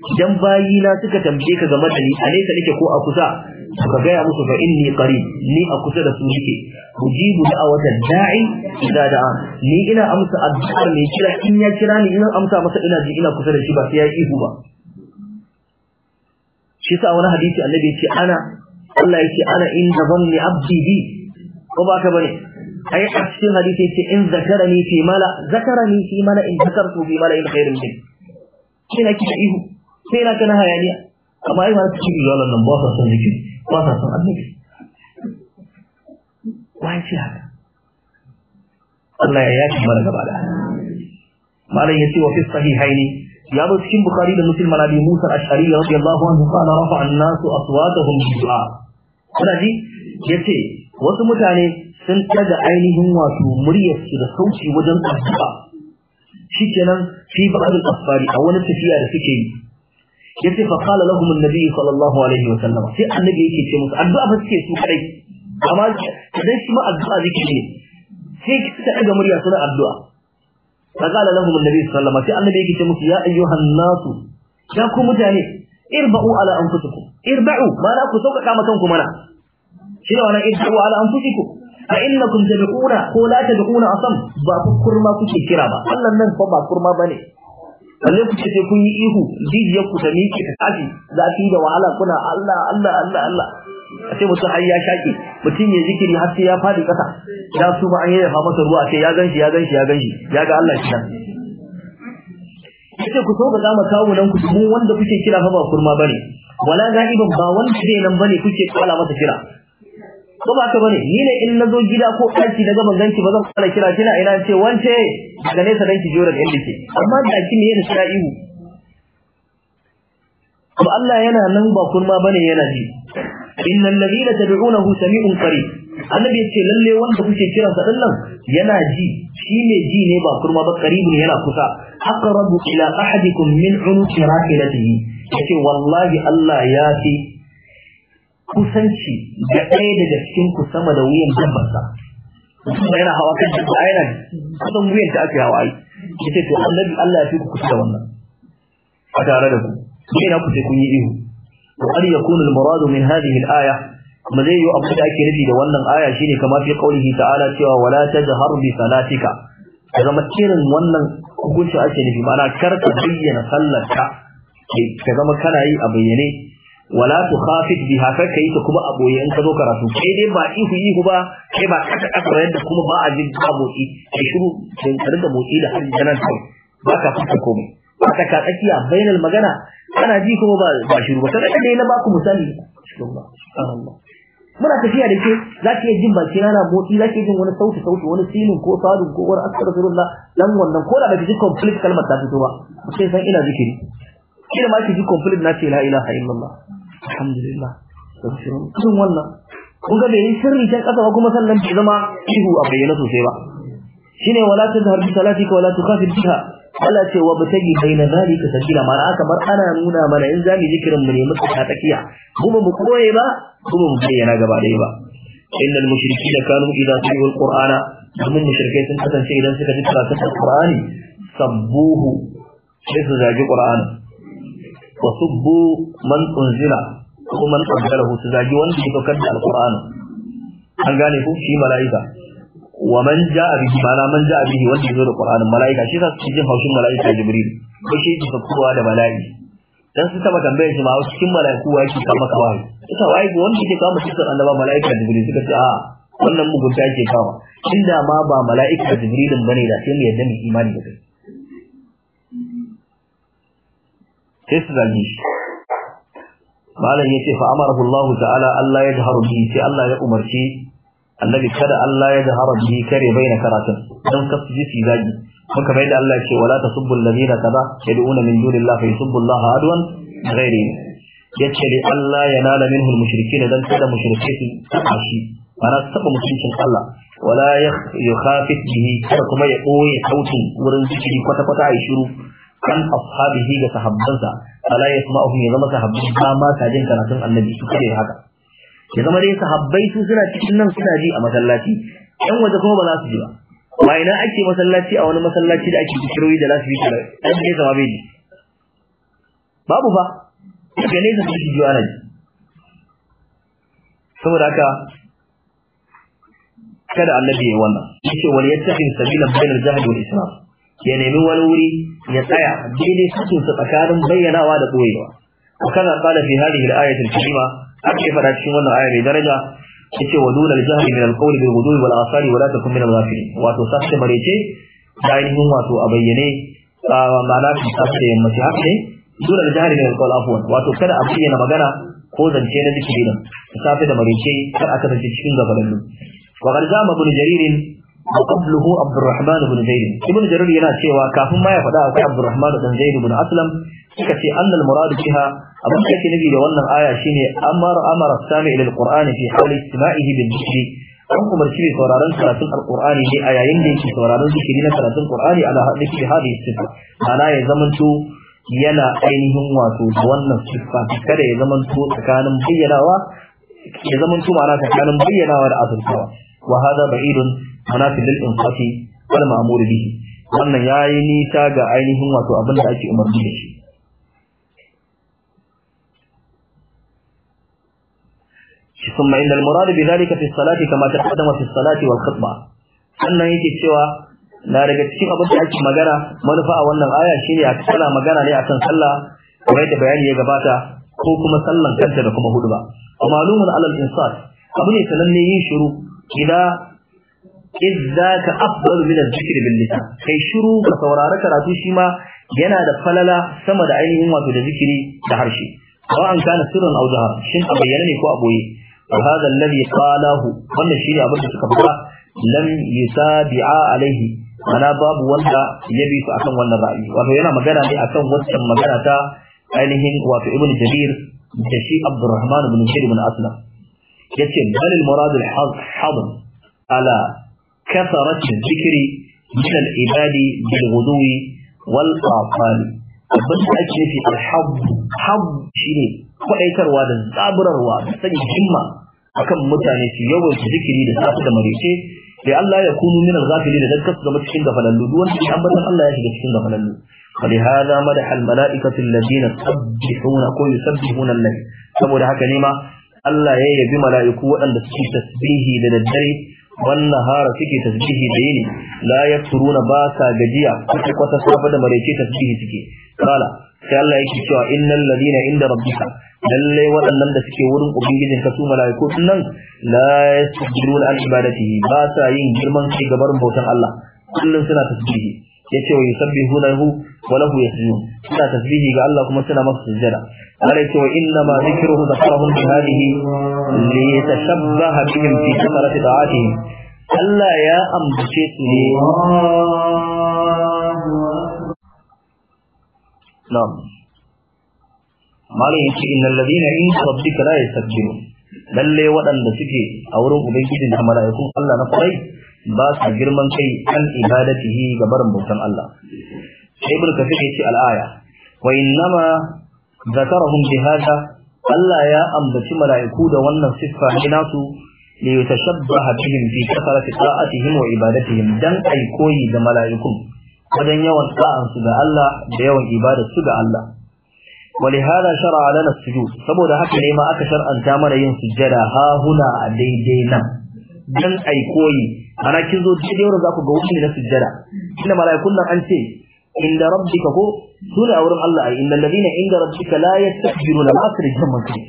idan bayina suka tambaye ka game da ni a nesa nake ko a kusa ka gaya musu fa inni qarib ni a kusa da su nake ujibu da'awatan da'i idza da'a ni ina amsa addu'ar mai kira in ya kira ni ina amsa masa ina ji ina kusa da shi ba sai ya ihu ba shi sa wani hadisi annabi ya ce ana Allah ya ce ana da zanni abdi bi ko ba ka bane ai a cikin hadisi ya ce in zakarani fi mala zakarani fi mala in zakartu bi mala in khairin min ina kike ihu sai na kana hayaniya amma ai masu cikin zuwa nan ba sa son zikiri ba sa son annabi wai ce haka Allah ya yaki mana gaba da malam yace wa fi sahihaini ya zo cikin bukhari da muslim malabi musa ashari radiyallahu anhu kana rafa an-nasu aswatahum bi'a kana ji yace wasu mutane sun daga ainihin wato muryarsu da sauci wajen addu'a shikenan fi ba'd al-asfari a wani tafiya da suke yi ce fa qala lahum annabi sallallahu alaihi wa sallam sai annabi yake ce musu addu'a ba suke su kadai amma kadai su ma addu'a zikiri ne sai suka daga murya suna addu'a fa qala lahum annabi sallallahu alaihi wa sallam sai annabi yake ce musu ya ayyuhan nasu ya ku mutane irba'u ala anfusikum irba'u mana ku sauka kama kanku mana shi ne wannan irba'u ala anfusikum fa innakum tad'una ko la tad'una asam ba ku kurma kuke kira ba Wannan nan ba kurma bane balle ku ce sai kun yi ihu jijiyar ku da miƙe ta tafi zafi da wahala kuna Allah Allah Allah Allah a ce mutum har ya shaƙe mutum ya zikiri har sai ya faɗi ƙasa ya su ba an yayyafa masa ruwa sai ya ganshi ya ganshi ya ganshi ya ga Allah shi Kace ku ga zama kawo nan ku mu wanda kuke kira fa ba kurma bane wala ga'iban ba wanda zai nan bane kuke kwala masa kira ko ba ka bane ni ne in nazo gida ko ɗaki daga ban ganki ba zan fara kira kina ina ce wance daga nesa danki jora da inda ke amma da kin ne da kira ihu kuma Allah yana nan ba kurma bane yana ji innal ladina tad'unahu sami'un qarib annabi yace lalle wanda kuke kiran sa dinnan yana ji shi ne ji ne ba kurma ba qaribun yana kusa aqrabu ila ahadikum min unuqi rahilatihi yace wallahi Allah ya fi kusanci ga ɗaya daga cikin ku sama da wuyan dabbarsa mutum yana hawa kan dabba a yana kusan wuyan ta ake hawa Ya ce to annabi Allah ya fi ku kusa da wannan a tare da ku me na ku sai kun yi ihu to an yakunu al-muradu min hadhihi al-aya kuma zai yi abin da ake nufi da wannan aya shine kama fi qaulihi ta'ala cewa wala tajhar bi salatika ya zama irin wannan hukunci ake nufi ma'ana kar ka bayyana sallarka ka zama kana yi a bayyane wala tu khafid biha kar kai ta kuma a boye in ka zo karatu kai dai ba ihu ihu ba kai ba kaka kaka yadda kuma ba a jin ka motsi kai shiru kai tare da motsi da hannun nan kai ba ka fita komai ba ka ka tsakiya bainal magana ana ji kuma ba ba shiru ba kada dai na baku misali subhanallah muna tafiya da ke za ki iya jin baki na na motsi za ki iya jin wani sauti sauti wani silin ko sadun ko wani astaghfirullah dan wannan ko da ba ki ji complete kalmar ta fito ba sai san ina zikiri kina ma ki ji complete na ce la ilaha illallah alhamdulillah don shirin irin wannan kun ga bai yi sirri ta kasa ba kuma sannan bai zama ihu a bayyana sosai ba shine wala tazhar bi salatika wala tukhafid biha Allah ce wa batagi baina zalika sabila mara kamar ana nuna mana in zamu zikirin mu ne muka ta takiya kuma mu koye ba kuma mu bayyana gaba da ba innal mushrikeena kanu idza sami'u alqur'ana domin mushrikai sun kasance idan suka ji karatun alqur'ani sabbuhu sai su zaji qur'ani wa subbu man unzila ko man qaddalahu su zagi wanda ya saukar da alqur'ani an gane ko shi mala'ika wa man ja'a bihi mana man ja'a bihi wanda ya zo da qur'anin mala'ika shi zasu jin haushin mala'ika jibril ko shi ke fakkuwa da mala'i dan su taba tambaye shi ma cikin mala'iku wa yake kama kawai ita wai go wanda yake kama cikin annaba mala'ika jibril suka ce a wannan mugunta yake kama inda ma ba mala'ika jibrilin bane da sai mu yadda mu imani da kai sai su zage shi malam yace fa amarahu Allah ta'ala Allah ya jaharu bihi sai Allah ya umarci annabi kada Allah ya jaharu bihi kare baina karatun dan kasji su zagi muka bai da Allah ce wala tasubbu alladhina kaza yad'una min dunillahi yasubbu Allah adwan ghairi yace dai, Allah ya nala minhu almushrikin dan kada mushrike su taba shi ana taba mutuncin Allah wala yakhafit bihi kada kuma ya boye sautin wurin zikiri kwata kwata a shiru an ashabihi ga sahabbansa ala yasma'uhum ya zama sahabbai ba ma ta jin karatun annabi su kare haka ya zama dai sahabbai su suna cikin nan suna ji a masallaci ɗan waje kuma ba za su ji ba ba ina ake masallaci a wani masallaci da ake bishiroyi da yi bita ɗan ne zama bai ji babu ba daga nesa su ji ana ji saboda haka kada annabi ya wannan wani wal yattaqi sabila bainal jahd wal islam ya nemi wani wuri ya tsaya daidai suke tsakanin bayyanawa da koyewa وكما قال في هذه الآية cikin wannan aya mai daraja. Ya ce wa dun al-jahl min al-qawl bil wudu wal asari wa la takun min al-ghafilin wato sace marece da ainihin wato a bayyane ma'ana ta sace mace haka ne dun da jahl min al-qawl wato kada a bayyana magana ko zance na zikiri nan safe da marece kar aka zance cikin gabanin wa qad zama ibn jarir وقبله عبد الرحمن بن زيد ابن جرير yana cewa kafin ma ya faɗa akwai Abdul Rahman bin Zaid bin Aslam suka ce annal murad biha abin da yake nufi da wannan aya shine amar amara sami ila alquran fi hawli istima'ihi bil dhikri an umarci mai sauraron karatun alqurani ne a yayin da yake sauraron zikiri na karatun qurani ala hadisi hadisi sifa ana ya zamanto yana ainihin wato da wannan sifa kada ya zamanto tsakanin bayyanawa ya zamanto ma'ana tsakanin bayyanawa da azurtawa wa hada ba'idun manafil lil infaqi wal ma'mur bihi wannan yayi nisa ga ainihin wato abin da ake umarni da shi ثم إن المراد بذلك في الصلاة كما تقدم في الصلاة والخطبة أن يجي سوى na daga cikin abin da ake magana manufa a wannan aya shine a tsala magana ne akan sallah kuma da bayani ya gabata ko kuma sallan kanta da kuma hudu ba amma lumun alal insaf abu ne sananne yin shiru idan idzaka afdalu min adh-dhikr bil lisan kai shiru ka saurara karatu shi ma yana da falala sama da ainihin wato da zikiri da harshe wa an kana sirran aw jahar shin a bayyana ne ko a boye wa hadha alladhi qalahu wannan shine abin da suka faɗa lam yusabi'a alaihi mana babu wanda ya bi su akan wannan ra'ayi wato yana magana ne akan wannan magana ta ainihin wato ibnu jabir da shi abdurrahman ibn jarir ibn aslam yace bal al murad al hadr ala كثرة الذكر من العباد بالغدو والآصال abin da ake nufi alhabu habu shine kwaɗaitarwa da zaburarwa da sanya himma akan mutane su yawaita zikiri da safe da da Allah ya kunu min al da dakkas ga cikin gafalallu duk wanda ya Allah ya shiga cikin فلهذا مدح الملائكة الذين يسبحون كل يسبحون الليل saboda haka ne ma Allah ya yabi mala'iku waɗanda suke tasbihi da daddare wannan hara suke tasbihi da yini la yafturuna ba sa gajiya kuma kwata safa da maraice tasbihi suke kala sai Allah yake cewa innal ladina inda rabbika lalle waɗannan da suke wurin ubangijin ka su malaiku nan la yasjuduna an ibadatihi ba sa yin girman kai gaban bautan Allah kullun suna tasbihi yace wa yusabbihunahu wa lahu yasjudun suna tasbihi ga Allah kuma suna masa sujjada Allah yace wa inna ma dhikruhu dhakarahum bi hadhihi li yatashabbaha bihim fi kafarati da'atihim Allah ya ambace su ne Na'am Malai yace innal ladina inda rabbika la yastakkirun lalle waɗanda suke a wurin ubangiji da mala'ikun Allah na kwarai ba sa girman kai an ibadatihi ga barin bautan Allah sai ibnu kasir yace al-aya wa innama zakarahum bihada Allah ya ambaci mala'iku da wannan siffa ne nasu li yatashabbaha bihim fi kasrati ta'atihim wa ibadatihim dan ai koyi da mala'ikun wajen yawan ta'an su ga Allah da yawan ibadar su ga Allah ولهذا شرع لنا السجود saboda haka ne ma aka shar'anta mana yin sujjada ha huna a daidai nan dan ai koyi ana kin zo daidai wurin za ku ga wuce na sujjada inda mala'ikun nan an ce inda rabbika ko sune a wurin Allah ai inda ladina inda rabbika la yastakbiruna ma su rijan mutum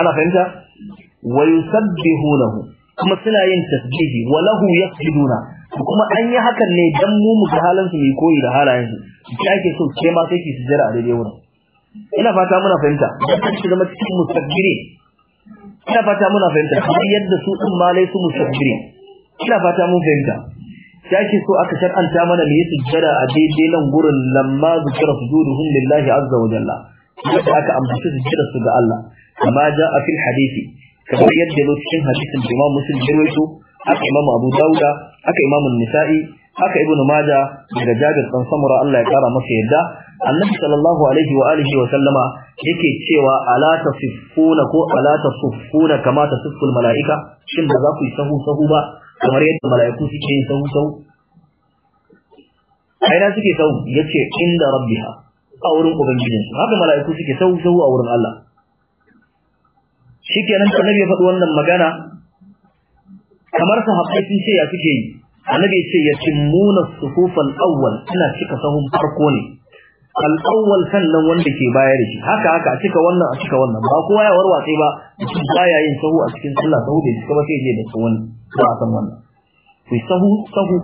ana fahimta wa yusabbihunahu kuma suna yin tasbihi wa lahu yasjuduna kuma an yi hakan ne dan mu mu ga halin su mai koyi da halayen su ki ake so sai ma sai ki sujjada a daidai wurin ina fata muna fahimta dan ki zama cikin mustabbire ina fata muna fahimta kamar yadda su din ma laisu mustakbiri ina fata mun fahimta sai ake so aka shar'anta mana me yake jira a daidai nan gurin lamma zikra sujuduhum lillahi azza wa jalla yadda aka ambaci zikra su ga Allah kama a fil hadisi kamar yadda lokacin hadisin Imam Muslim ya rawaito aka Imam Abu Dawud aka Imam Nisa'i haka ibnu maja daga jabir dan samura Allah ya kara masa yadda annabi sallallahu alaihi wa alihi wa sallama yake cewa ala tasiffuna ko ala tasuffuna kama tasufful malaika shin ba za ku yi sahu sahu ba kamar yadda malaiku suke yin sahu sahu aina suke sahu yace inda rabbiha a wurin su. haka malaiku suke sahu sahu a wurin Allah shikenan annabi ya faɗi wannan magana kamar sahabbai sun ce ya suke yi annabi ce ya timmuna suhufal awwal ana cika sahun farko ne al-awwal sannan wanda ke bayar shi haka haka a cika wannan a cika wannan ba kowa ya warwatse ba mutum baya yin sahu a cikin sallah sahu bai cika ba sai je da sahun ba a san wannan ku sahu sahu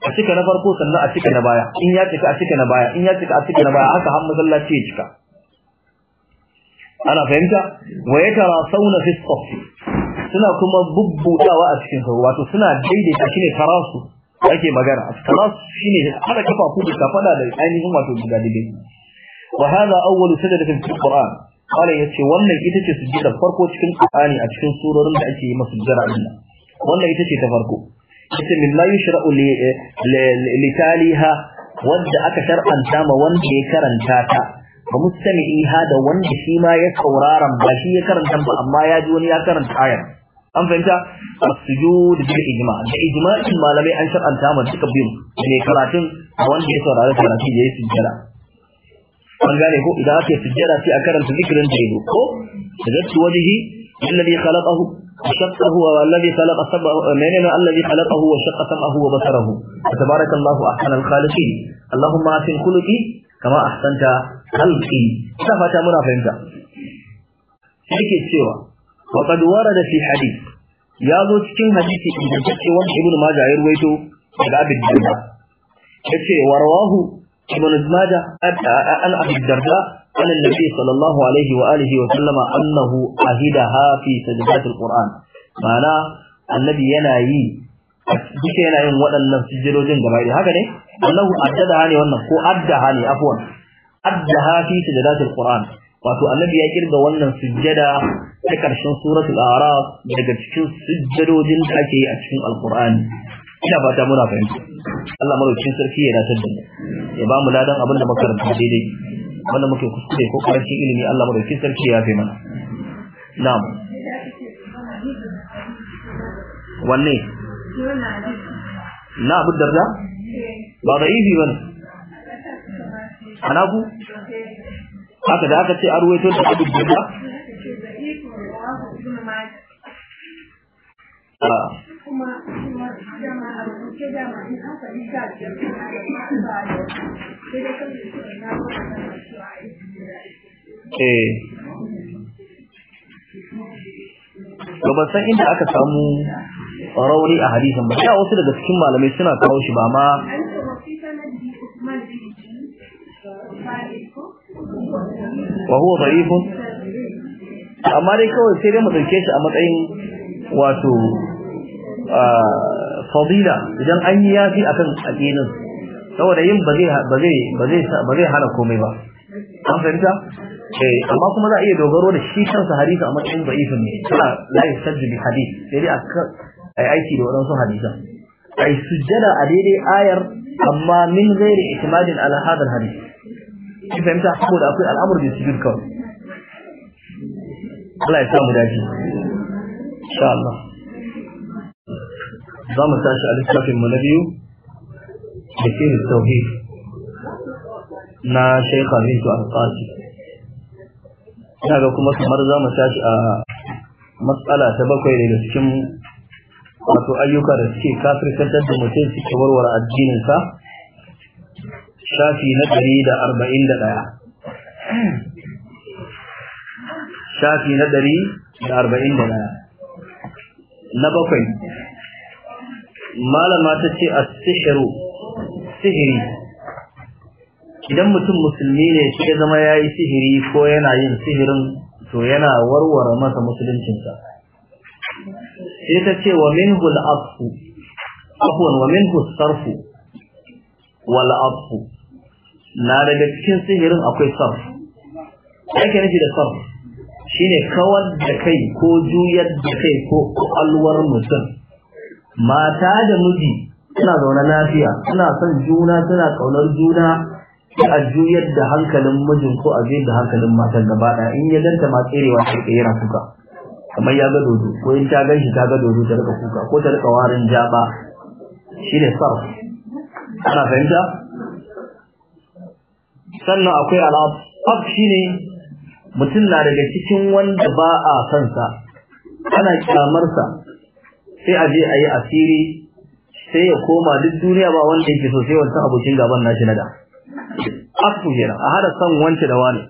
a cika na farko sannan a cika na baya in ya cika a cika na baya in ya cika a cika na baya haka har masallaci ya cika ana fahimta wa yatara sauna fi safi suna kuma bubbudawa a cikin sahu wato suna daidaita ne karasu ake magana karasu shine hada kafafu da kafaɗa da ainihin wato guda daidai wa hada awwalu sajdatin fil qur'an qala ce wannan ita ce sujjada farko cikin qur'ani a cikin surorin da ake yi masa sujjada Allah wannan ita ce ta farko yace min la yushra'u li taliha wanda aka shar'anta ma wanda ya karanta ta ba mustami'iha da wanda shi ma ya sauraron ba shi ya karanta ba amma ya ji wani ya karanta ayar an fahimta as-sujud bil ijma da in malamai an shar'anta ma duka biyu ne karatun a wanda ya saurari karatu ya yi sujjada an gane ko idan aka sujjada sai a karanta zikirin da ko da zatu wajihi alladhi khalaqahu وشقه والذي خلق سبعه مننا الذي خلقه وشق سمعه cewa wa qad warada fi hadith ya zo cikin hadisi ingantacce wanda ibn majah ya ruwaito daga abin darda yace warwahu ibn majah an abin darda an annabi alaihi wa wa sallama annahu ahidaha fi sajdatil qur'an ma'ana annabi yana yi yin waɗannan sujjodin gaba ɗaya haka ne annahu da ne wannan ko addaha ne afwan addaha da sajdatil qur'an wato annabi ya kirga wannan sujjada ta karshen suratul araf daga cikin sujjadojin da ake yi a cikin alqur'ani ina fata muna fahimta Allah madaukakin sarki ya nasar da mu ya ba mu ladan abin da makaranta daidai wanda muke kuskure ko karancin ilimi Allah madaukakin sarki ya fi mana na'am wanne na abu darda ba da izi bane anaku haka da aka ce a ruwaito da abu da Eh. Ba san inda aka samu rauni a hadisin ba, sai wasu daga cikin malamai suna kawo shi ba ma wa huwa amma dai kawai sai dai mu dauke shi a matsayin wato fadila idan an yi yafi akan addinin, saboda yin ba zai hana komai ba an fahimta eh, amma kuma za a iya dogaro da shi kansa hadisi a matsayin da'ifin ne kana la yastajju bi hadith sai dai ai aiki da waɗansu hadisan ai sujjada a daidai ayar amma min ghairi itimadin ala hadal hadith ki fahimta saboda akwai al'amur da sigir kawai Allah ya samu daji insha Allah za mu tashi a littafin mu na biyu da ke tauhid na Sheikh Amintu Al-Qasi ina ga kuma kamar za mu tashi a matsala ta bakwai daga cikin wato ayyuka da suke kafirkantar da mutum suke warware addininsa shafi na ɗari da arba'in da ɗaya shafi na ɗari da arba'in da ɗaya na bakwai malama ta ce a sishiru sihiri idan mutum musulmi ne ya zama ya yi sihiri ko yana yin sihirin to yana warware masa musuluncinsa sai ta ce wa min hul afu afwan wa min hul sarfu wal afu na daga cikin sihirin akwai sarf yake nake da sarf shine kawar da kai ko juyar da kai ko kwalwar mutum mata da miji suna zaune lafiya suna son juna suna kaunar juna a juyar da hankalin mijin ko a juyar da hankalin matan gaba ɗaya in ya danta ma tserewa ta yana kuka kamar ya ga dodo ko in ta gan shi ta ga dodo ta rika kuka ko ta rika warin jaba shine sarf ana fahimta sannan akwai al'ab ab shine mutum na daga cikin wanda ba a sa ana kyamar sa sai a je a yi asiri sai ya koma duk duniya ba wanda yake so sai wancan abokin gaban nashi na da afu kenan a hada san wance da wani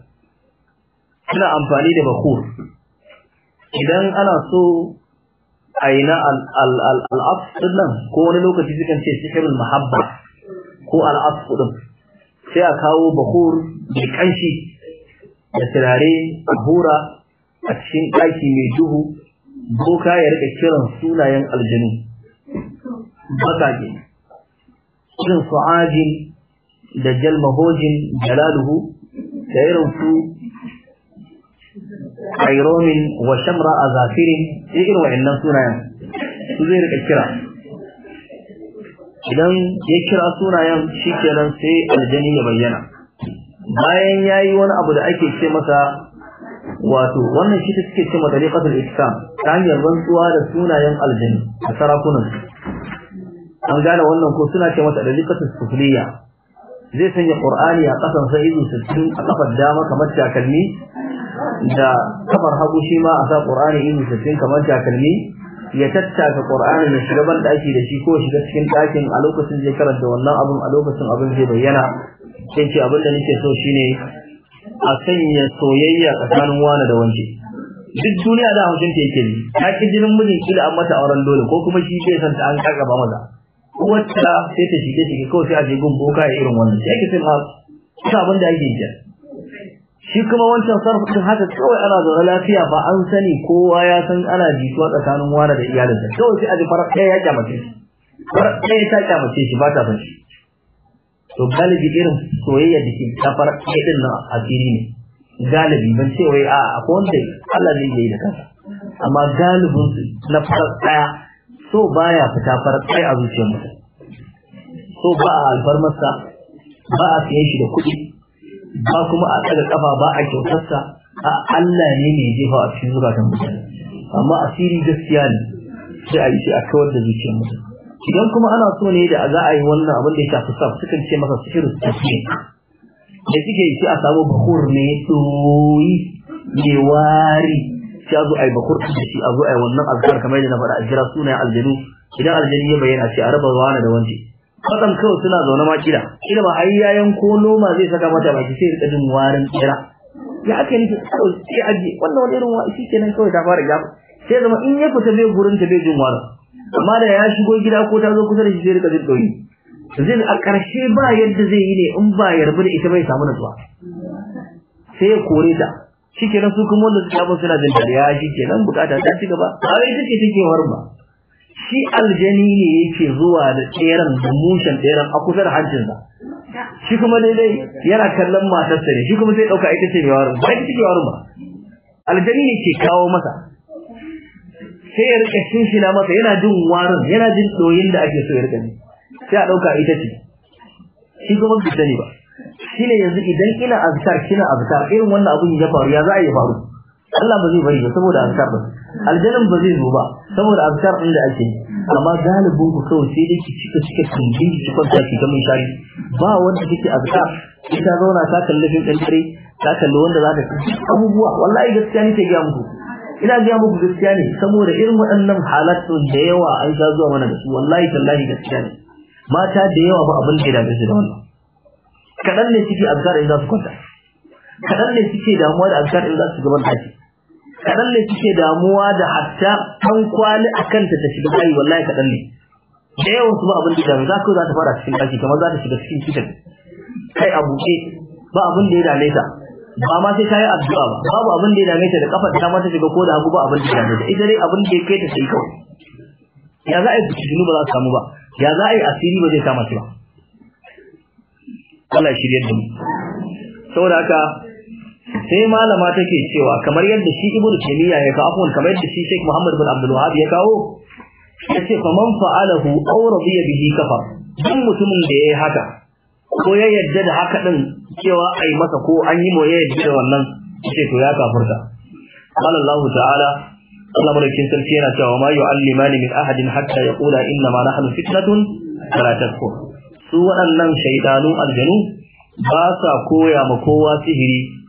ina amfani da bakur idan ana so a yi na al'af din nan ko wani lokaci sukan ce sihirul mahabba ko al'af din sai a kawo bahur mai kanshi da turare a hura a cikin ɗaki mai duhu boka ya rika kiran sunayen aljanu baƙaƙe irin su ajin da jalmahojin jalaluhu da irin su airomin wa shamra a zafirin irin wa'annan sunayen su zai rika kira idan ya kira sunayen shikenan, sai aljani ya bayyana bayan ya yi wani abu da ake ce masa wato wannan shi suke ce mata liqatul islam ta hanyar rantsuwa da sunayen aljani a sarakunan an gane wannan ko suna ce mata liqatul sufliya zai sanya qur'ani a kasan sa izu a kafar dama kamar takalmi da kafar hagu shi ma a sa qur'ani izu 60 kamar takalmi ya tattaka Qur'ani ya shiga ban daki da shi ko shiga cikin dakin a lokacin zai karanta wannan abun a lokacin abin zai bayyana sai ce abin da nake so shine a sanya soyayya tsakanin wani da wance duk duniya da haushin ta yake bi. ta ki jinin mijin kila an mata auren dole ko kuma shi zai san ta an karraba maza wacce sai ta shige shige kawai sai a je gun boka ya irin wannan sai ki sai ma abin da yake yi shi kuma wancan sarfin haka kawai ana zaune lafiya ba an sani kowa ya san ana jituwa tsakanin wani da sa kawai sai a ji farar ɗaya ya kyamace shi farar ɗaya ta kyamace shi ba ta san shi to galibi irin soyayya da ke ta farar ɗaya ɗin nan asiri ne galibi ban ce wai a ko wanda Allah zai yi da kansa amma galibin na farar ɗaya so baya fita farar ɗaya a zuciyar mutum so ba a alfarmarsa ba a siyan shi da kuɗi ba kuma a tsaga kafa ba a kyautarsa a Allah ne mai jefa a cikin zukatan mutane amma asiri gaskiya ne sai a yi shi a kawar da zuciyar mutum idan kuma ana so ne da za a yi wannan abin da ya shafi sa sukan ce masa sihirin tafiye da suke yi a samu bakur ne tsoyi mai wari sai a zo a yi bakur da shi a zo a yi wannan azkar kamar yadda na faɗa a jira sunayen aljanu idan aljanu ya bayyana sai a raba wani da wance kadan kawai suna zaune ma Ina ba ai yayan ko noma zai saka mata baki sai rika din warin kira ya aka yi kawai sai aje wannan wani irin wani shike nan kawai ta fara ja sai zama in ya fita bai gurin ta bai jin warin amma da ya shigo gida ko ta zo kusa da shi sai rika jin doyi zai a ƙarshe ba yadda zai yi ne in ba yarbu da ita bai samu nutsuwa sai ya kore ta shike nan su kuma wanda suka suna jin dariya shike nan bukata ta ci gaba ba ita ce take warba shi aljani ne yake zuwa da tseren da mushen tseren a kusa da hancinsa shi kuma daidai yana kallon matarsa ne shi kuma sai ɗauka ita ce mai warin ba ita ce warin ba aljani ne ke kawo masa sai ya rika shinshina masa yana jin warin yana jin ɗoyin da ake so ya rika ji sai a ɗauka ita ce shi kuma bai sani ba shi ne yanzu idan ina azkar kina azkar irin wannan abun ya faru ya za a yi faru Allah ba zai bari ba saboda azkar ba aljanin ba zai zo ba saboda azkar din da ake amma galibin ku kawai sai dai ki cika cika tumbin ki kwanta ki ga mun shari ba wanda kike azkar ki ta zauna ta kalli dan dare ta kalli wanda za ta abubuwa wallahi gaskiya ne ke ga muku ina ga muku gaskiya ne saboda irin waɗannan halattu da yawa an ga zuwa mana da su wallahi tallahi gaskiya ne mata da yawa ba abin da ya da wannan kaɗan ne suke azkar in za su kwanta kaɗan ne suke damuwa da azkar in za su gaban haji kaɗan ne kike damuwa da hatta ɗan kwali a kanta ta shiga bayi wallahi kaɗan ne da yawan su ba abin da dame za ka za ta fara cikin baki kamar za ta shiga cikin kitchen kai a buɗe ba abin da ya dame ta ba ma sai ta yi addu'a ba babu abin da ya dame ta da kafar ta ta shiga ko da hagu ba abin da ya dame ta ita dai abin da ya kai ta sai kawai ya za a yi bikini ba za ka samu ba ya za a yi asiri ba zai kama shi ba Allah ya shirye da mu saboda haka sai malama take cewa kamar yadda shi ibn taymiya ya kawo kamar yadda shi sheikh muhammad bin abdul wahab ya kawo yace fa man fa'alahu aw radiya bihi kafa duk mutumin da yayi haka ko ya yadda da haka din cewa ai masa ko an yi moye da wannan yace to ya kafirta qala allah ta'ala Allah madaukin sarki yana cewa ma yu'allimani min ahadin hatta yaqula inna ma nahnu fitnatun fala su waɗannan shaydanu aljanu ba sa koya ma kowa sihiri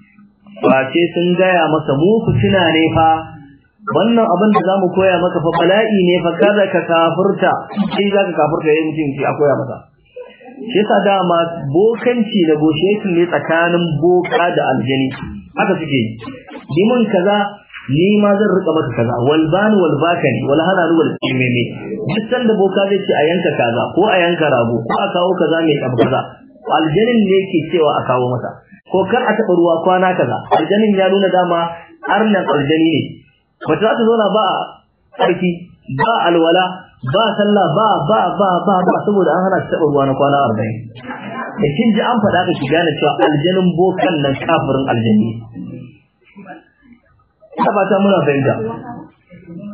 ba sun gaya masa mu tuna ne fa wannan abin da zamu koya maka fa bala'i ne fa kada ka kafurta za ka kafurta yayin ki a koya maka shi yasa dama bokanci da goshetin ne tsakanin boka da aljani haka suke yi mun kaza ni ma zan rika maka kaza wal ban wal bakani wal halal wal kimimi duk sanda boka zai ci a yanka kaza ko a yanka rago ko a kawo kaza mai kaza aljanin ne yake cewa a kawo masa ko kar a taɓa ruwa kwana kaza aljanin ya nuna dama arnan aljani ne wata za ta zauna ba ƙarfi ba alwala ba sallah ba ba ba ba ba saboda an hana ta taɓa ruwa na kwana arba'in da kin ji an faɗa ka ki gane cewa aljanin bokan nan kafirin aljani ta ba ta muna fahimta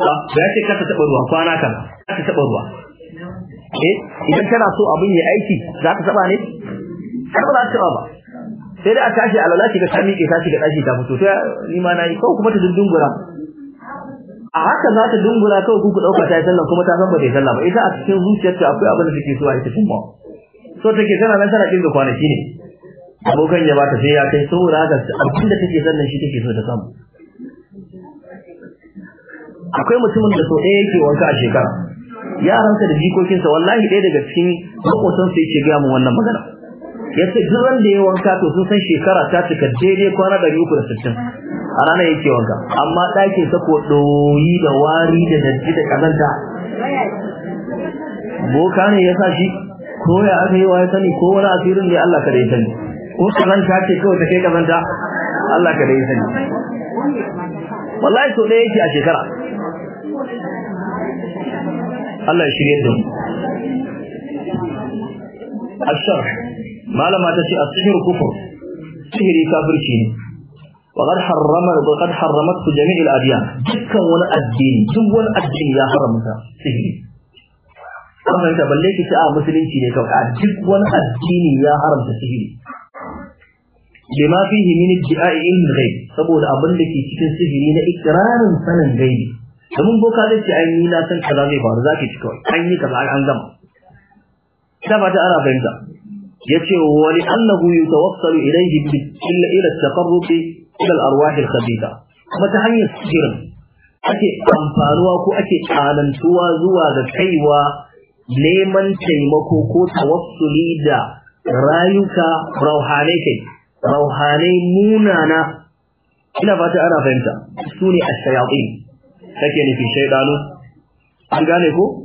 ba ya ce ka ta taɓa ruwa kwana kaza ka ta taɓa ruwa eh idan kana so abin ya aiki za ka taɓa ne har ba za ka taɓa ba sai da a tashi a lalace ga sami ke tashi ga ɗaki ta fito ta ni ma na yi ko kuma ta dundungura a haka za ta dungura kawai ku ku ɗauka ta yi sallah kuma ta san ba ta yi sallah ba ita a cikin ta akwai abin da take so a ita kuma so take tana nan tana kinga kwanaki ne abokan ya ba ta sai ya kai saura ga abin da take sannan shi take so ta samu akwai mutumin da so ɗaya yake wanka a shekara yaransa da jikokinsa wallahi ɗaya daga cikin makosansa yake gaya mu wannan magana ya ce duk wanda ya wanka to sun san shekara ta cika daidai kwana da uku da sittin a ranar yake wanka amma ɗakin sa ko ɗoyi da wari da datti da ƙazanta boka ne ya sa shi ko ya aka yi wa ya sani ko wani asirin ne Allah kada ya sani ko ƙazanta ce kawai ta kai ƙazanta Allah kada ya sani wallahi to ɗaya yake a shekara Allah ya shirye da mu الشرح malama ta ce asihir kufur sihiri kafirci ne وقد حرم وقد حرمته جميع الاديان dukkan wani addini duk wani addini ya haramta sihiri amma ita balle ki ta musulunci ne kawai a duk wani addini ya haramta sihiri lima fihi min idda'i ilmi ghaib saboda abin da ke cikin sihiri na ikrarin sanin gaibi domin boka zai ce ai ni na san kaza zai faru zaki ci kawai an yi kaza an gama ta ba ta ana fahimta yace wa Wani annahu yutawassalu ilayhi illa ila at-taqarrub ila al-arwah kuma ta hanyar sihirin ake amfanuwa ko ake tsanantuwa zuwa da kaiwa neman taimako ko tawassuli da rayuka rauhanai kai rauhanai munana ina fata ana fahimta su ne a shayatin take nufin shaiɗanu? an gane ko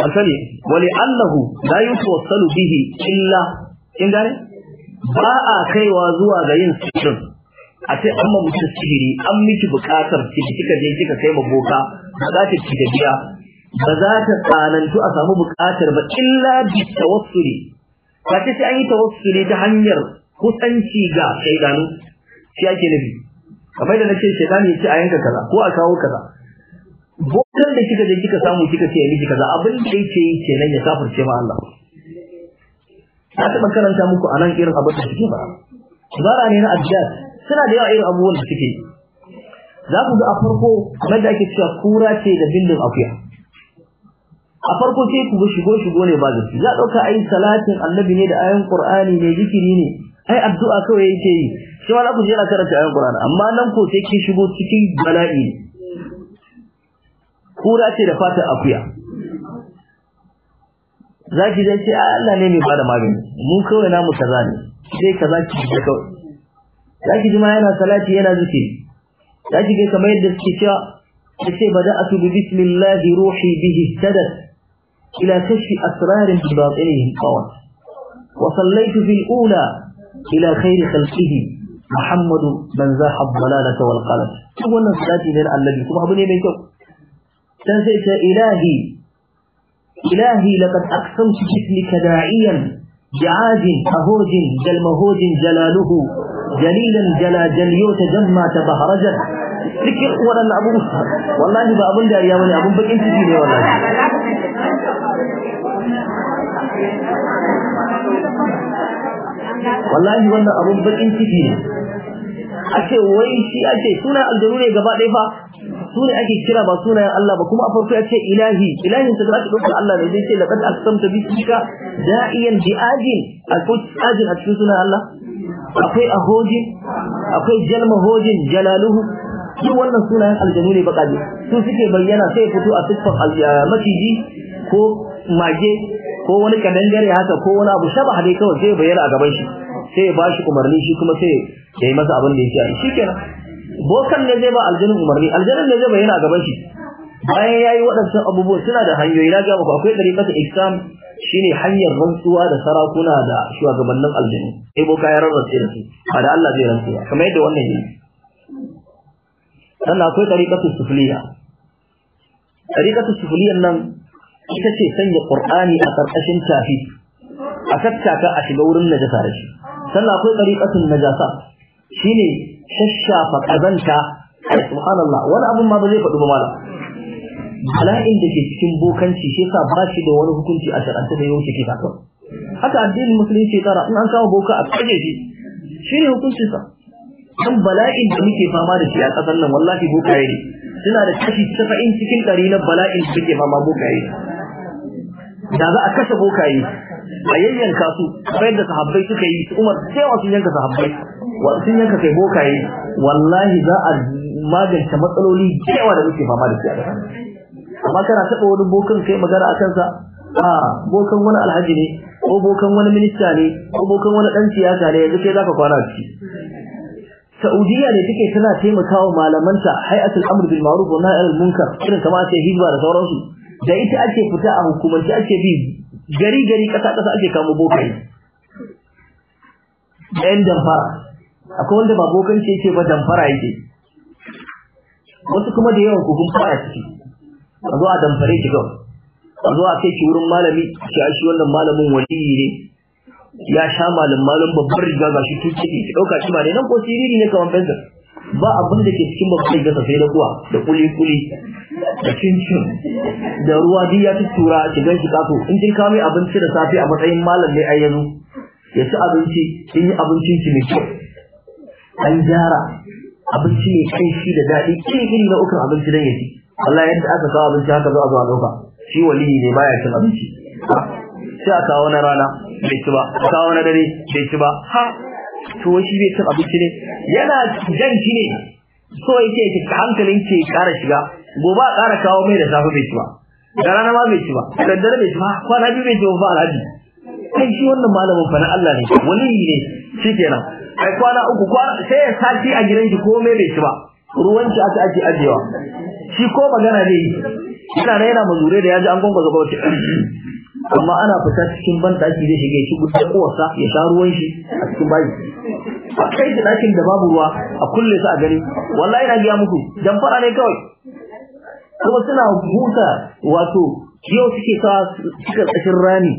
an sani wani annahu la yutawassalu bihi illa in gane ba a kaiwa zuwa ga yin sirrin a ce an mamutu sihiri an miki bukatar ki kika je kika kai ma ba za ta ci da biya ba za ta tsanantu a samu bukatar ba illa bi tawassuli ba ta ce an yi tawassuli ta hanyar kusanci ga shaidanu shi ake nufi kamar da nace shaidani ya ce a yanka kaza ko a kawo kaza bukan da kika je kika samu kika ce miki kaza abin da yake yi nan ya kafirce ma Allah na taɓa karanta muku a nan irin abin da suke ba zara ne na abjad suna da yawa irin abubuwan da suke za ku ga a farko kamar da ake cewa kura ce da bindin akuya a farko sai ku shigo shigo ne ba zafi za ɗauka ai salatin annabi ne da ayan qur'ani ne zikiri ne ai addu'a kawai yake yi shi ma za ku je na karanta ayan qur'ani amma nan ko sai ki shigo cikin bala'i kura ce da fata akuya zaki zai ce ah, Allah ne mai bada magani Mun kawai namu kaza ne sai kaza ki ji kawai zaki ji ma yana salati yana zikiri zaki ga kamar yadda suke cewa ce ba sai bada'atu bi bismillah ruhi bihi sadat ila kashi asrarin bi batinihim qawan wa sallaytu fil ula ila khairi khalqihi محمد من زاح الضلالة والقلب شو قلنا صلاتي للألبي كما أبني بيكم تنسيت إلهي إلهي لقد أقسمت باسمك داعيا بعاد أهوج جلمهوج جلاله جليلا جلا جليوت جمع تبهرجت لك ولا أبو والله بأبو داريا ولا أبو بك انت جيني والله wallahi wannan abun bakin ciki ne ake wai shi ake suna aljanu ne gaba su ne ake kira ba sunayen Allah ba kuma a farko ya ce ilahi ilahin ta zaka dauka Allah ne zai ce laqad aqsamta bi shika da'iyan bi ajin akwai ajin a cikin sunan Allah akwai ahojin akwai jalma hojin jalaluhu duk wannan sunayen aljanu ne bakaje su suke bayyana sai fito a siffar maciji ko mage ko wani kadangare haka ko wani abu shaba dai kawai sai bayyana a gaban shi sai ya bashi umarni shi kuma sai ya yi masa abin da yake shi kenan bokan ne zai ba aljanin umarni aljanin ne zai yana gaban shi bayan yayi waɗannan abubuwan suna da hanyoyi na ga muku akwai dariqatul ihsan shine hanyar rantsuwa da sarakuna da shugabannin aljanu sai boka ya rarrace da su ba da Allah zai rantsuwa kamar yadda wannan yake sannan akwai dariqatul sufliya dariqatul sufliyan nan ita ce sanya qur'ani a karkashin tafi a tattaka a shiga wurin najasa da shi sannan akwai dariqatul najasa shine shashafa kazanta ai subhanallah wani abun ma ba zai faɗi ba malam bala'in da ke cikin bokanci shi yasa ba shi da wani hukunci a shar'anta da yau ke kafin haka addinin musulunci ya tsara in an kawo boka a kaje shi shi ne hukuncinsa dan bala'in da muke fama da shi a ƙasar nan wallahi bokaye ne suna da kashi saba'in cikin ɗari na bala'in da muke fama bokaye da za a kashe bokaye a yayyanka su kamar yadda sahabbai suka yi su umar sai wasu yanka sahabbai wa yanka kai bokaye wallahi za a magance matsaloli cewa da muke fama da su amma kana taɓa wani bokan kai magana a kansa a bokan wani alhaji ne ko bokan wani minista ne ko bokan wani dan siyasa ne yanzu kai zaka kwana ciki Saudiya ne take tana taimakawa malamanta Hay'atul Amr bil Ma'ruf wa Nahy anil Munkar irin kamar ce hijba da sauransu da ita ake fita a hukumance ake bi gari gari kasa kasa ake kamo bokai yan damfara akwai wanda ba bokanci yake ba damfara yake wasu kuma da yawan kugun fara ciki a zo a damfare ki kawai a zo a kai ki wurin malami ki a shi wannan malamin yi ne ya sha malam malam babbar riga ga shi tuke ki dauka shi ma ne nan ko siriri ne kamar fensir ba abin da ke cikin babbar riga sai da kuwa da kuli kuli da cincin da ruwa duk ya tura ki gan shi kafo in kin kawo mai abinci da safe a matsayin malam ne a yanzu ya ci abinci kin yi abincin ki ne kyau an gyara abinci ne kai shi da daɗi kin iri na ukun abinci dan yaji Allah yadda aka kawo abinci haka za a zo a ɗauka shi wali ne baya cin abinci sai a kawo na rana bai ci ba a kawo na dare bai ci ba ha to shi bai cin abinci ne yana jan shi ne so yake ki hankalin ki kara shiga gobe a kara kawo mai da safe bai ci ba da rana ma bai ci ba da daddare bai ci ba kwana biyu bai ci ba alhaji kai shi wannan malamin fa na Allah ne wali ne kenan ai kwana uku kwana sai ya sati a gidan ki komai bai ci ba ruwan shi aka ake ajewa shi ko magana ne ina na yana mazure da yaji an gonga zaba amma ana fita cikin ban daki zai shige shi ko wasa ya sha ruwan shi a cikin bayi a kai shi dakin da babu ruwa a kulle su a gari wallahi na gaya muku fara ne kawai kuma suna huta wato yau suke sa suka tsashin rami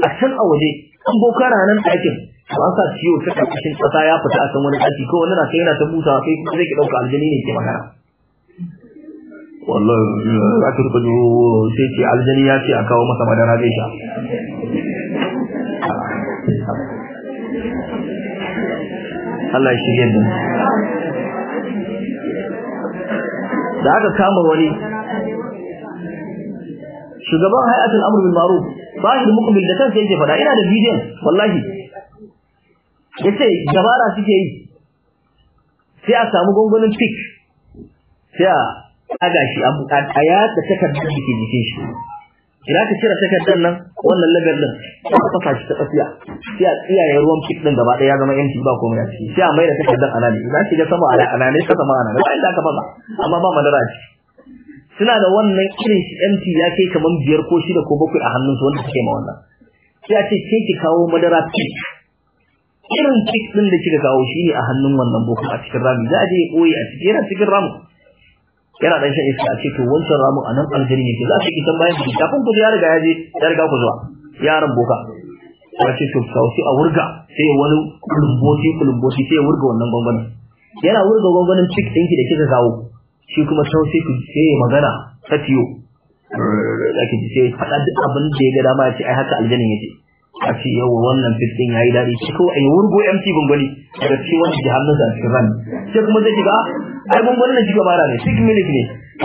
a can a waje an boka ranar ɗakin to an sa ciwo ta karkashin kasa ya fita akan wani ɗaki ko wani na sai yana ta busa sai kuma zai ki ɗauka aljini ne ke magana wallahi za ki rufe duro sai ce aljini ya ce a kawo masa madara zai sha Allah ya shirye da da aka kama wani shugaban hay'atul amr bil ma'ruf bahir mukmil da kansa yake faɗa ina da bidiyon wallahi ya ce dabara suke yi sai a samu gungunin fik sai a daga shi a yatsa takardar da ke jikin shi ina ka cire takardar nan wannan lagar din ka kafa shi ta tsakiya sai a tsiyaye ruwan fik din gaba ɗaya ya zama yanci ba komai a ciki sai a maida takardar anani ina ga sama anani ta sama anani ba inda ka baza amma ba madara ce suna da wannan irin shi MT ya kai kaman biyar ko shida ko bakwai a hannunsu wanda suke ma wannan sai a ce ke ki kawo madara fik irin kit din da kika kawo shine a hannun wannan boko a cikin rami za a je ya koyi a cikin yana cikin ramu. yana dan shan iska a cikin wancan ramu a nan aljani ne za su kitan bayan ki kafin ku ya riga ya je ya riga ku zuwa yaran boka ya ce to kawo shi a wurga sai wani kulumboti kulumboti sai ya wurga wannan gwangwanin yana wurga gwangwanin cik ɗinki da kika kawo shi kuma sau sai ku sai magana ta tiyo da ki sai faɗa duk abin da ya ga dama ya ce ai haka aljanin ya ce a ce yau wannan fitin yi dadi shi ko yi wurgo MC bangwani daga cikin wani ji da zafi ran sai kuma zai ga ai bangwani na shiga bara ne cikin minutes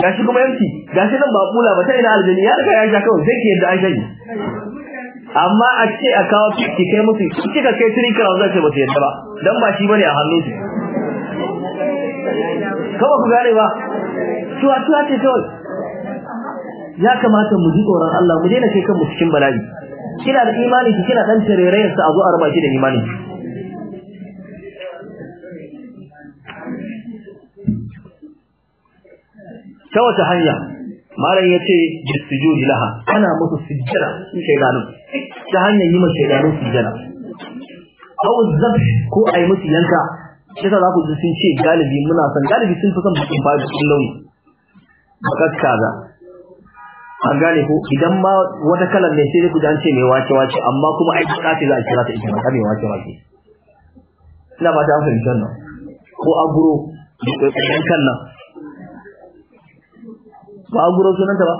ne shi kuma MC shi nan ba kula ba ta ina aljani ya riga ya sha kawai zai ke yadda an shayi amma a ce a kawo fiti kai musu ka kai tiri kawo zai ce ba su yadda ba dan ba shi bane a hannun su kawai ku gane ba tuwa tuwa ce kawai ya kamata mu ji tsoron Allah mu daina kai kanmu cikin bala'i kina da imani ki kina dan tarerayen sa a zo a raba shi da imani ta wata hanya malam ya ce bisujudi laha Kana musu sujjada su shaidanu ta hanyar yi ma shaidanu sujjada au zab ko ai musu yanka kisa za ku ji sun ce galibi muna san galibi sun fi son bakin fara cikin launi bakar kaza an gane ko idan ma wata kalan ne sai ku an ce mai wace wace amma kuma ai ka ce za a kira ta ita ba mai wace wace ina ba ta fahimta nan ko aguro dan kan nan ba aguro sunan ta ba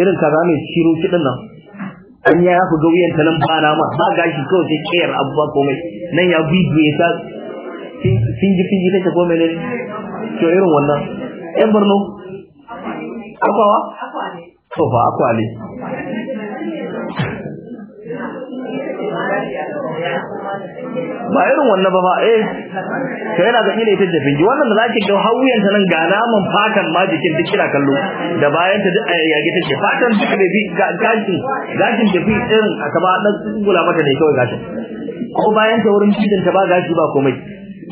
irin kaza mai shiru kidin nan an ya ga gauyen ta nan ba na ma? ba gashi kawai sai kiyar abuwa komai nan ya bibiye ta finji finji take komai ne to irin wannan yan barno akwawa to ba ba irin wannan ba ba eh to yana ga ile ita jafin ji wannan da zaki ga hauyan ta nan ga naman fatan ma jikin duk kira kallo da bayan ta duk yage ta ce fatan duk da bi ga gashin gashin da bi irin aka ba dan gula mata ne kawai gashi. ko bayan ta wurin cikin ta ba gashi ba komai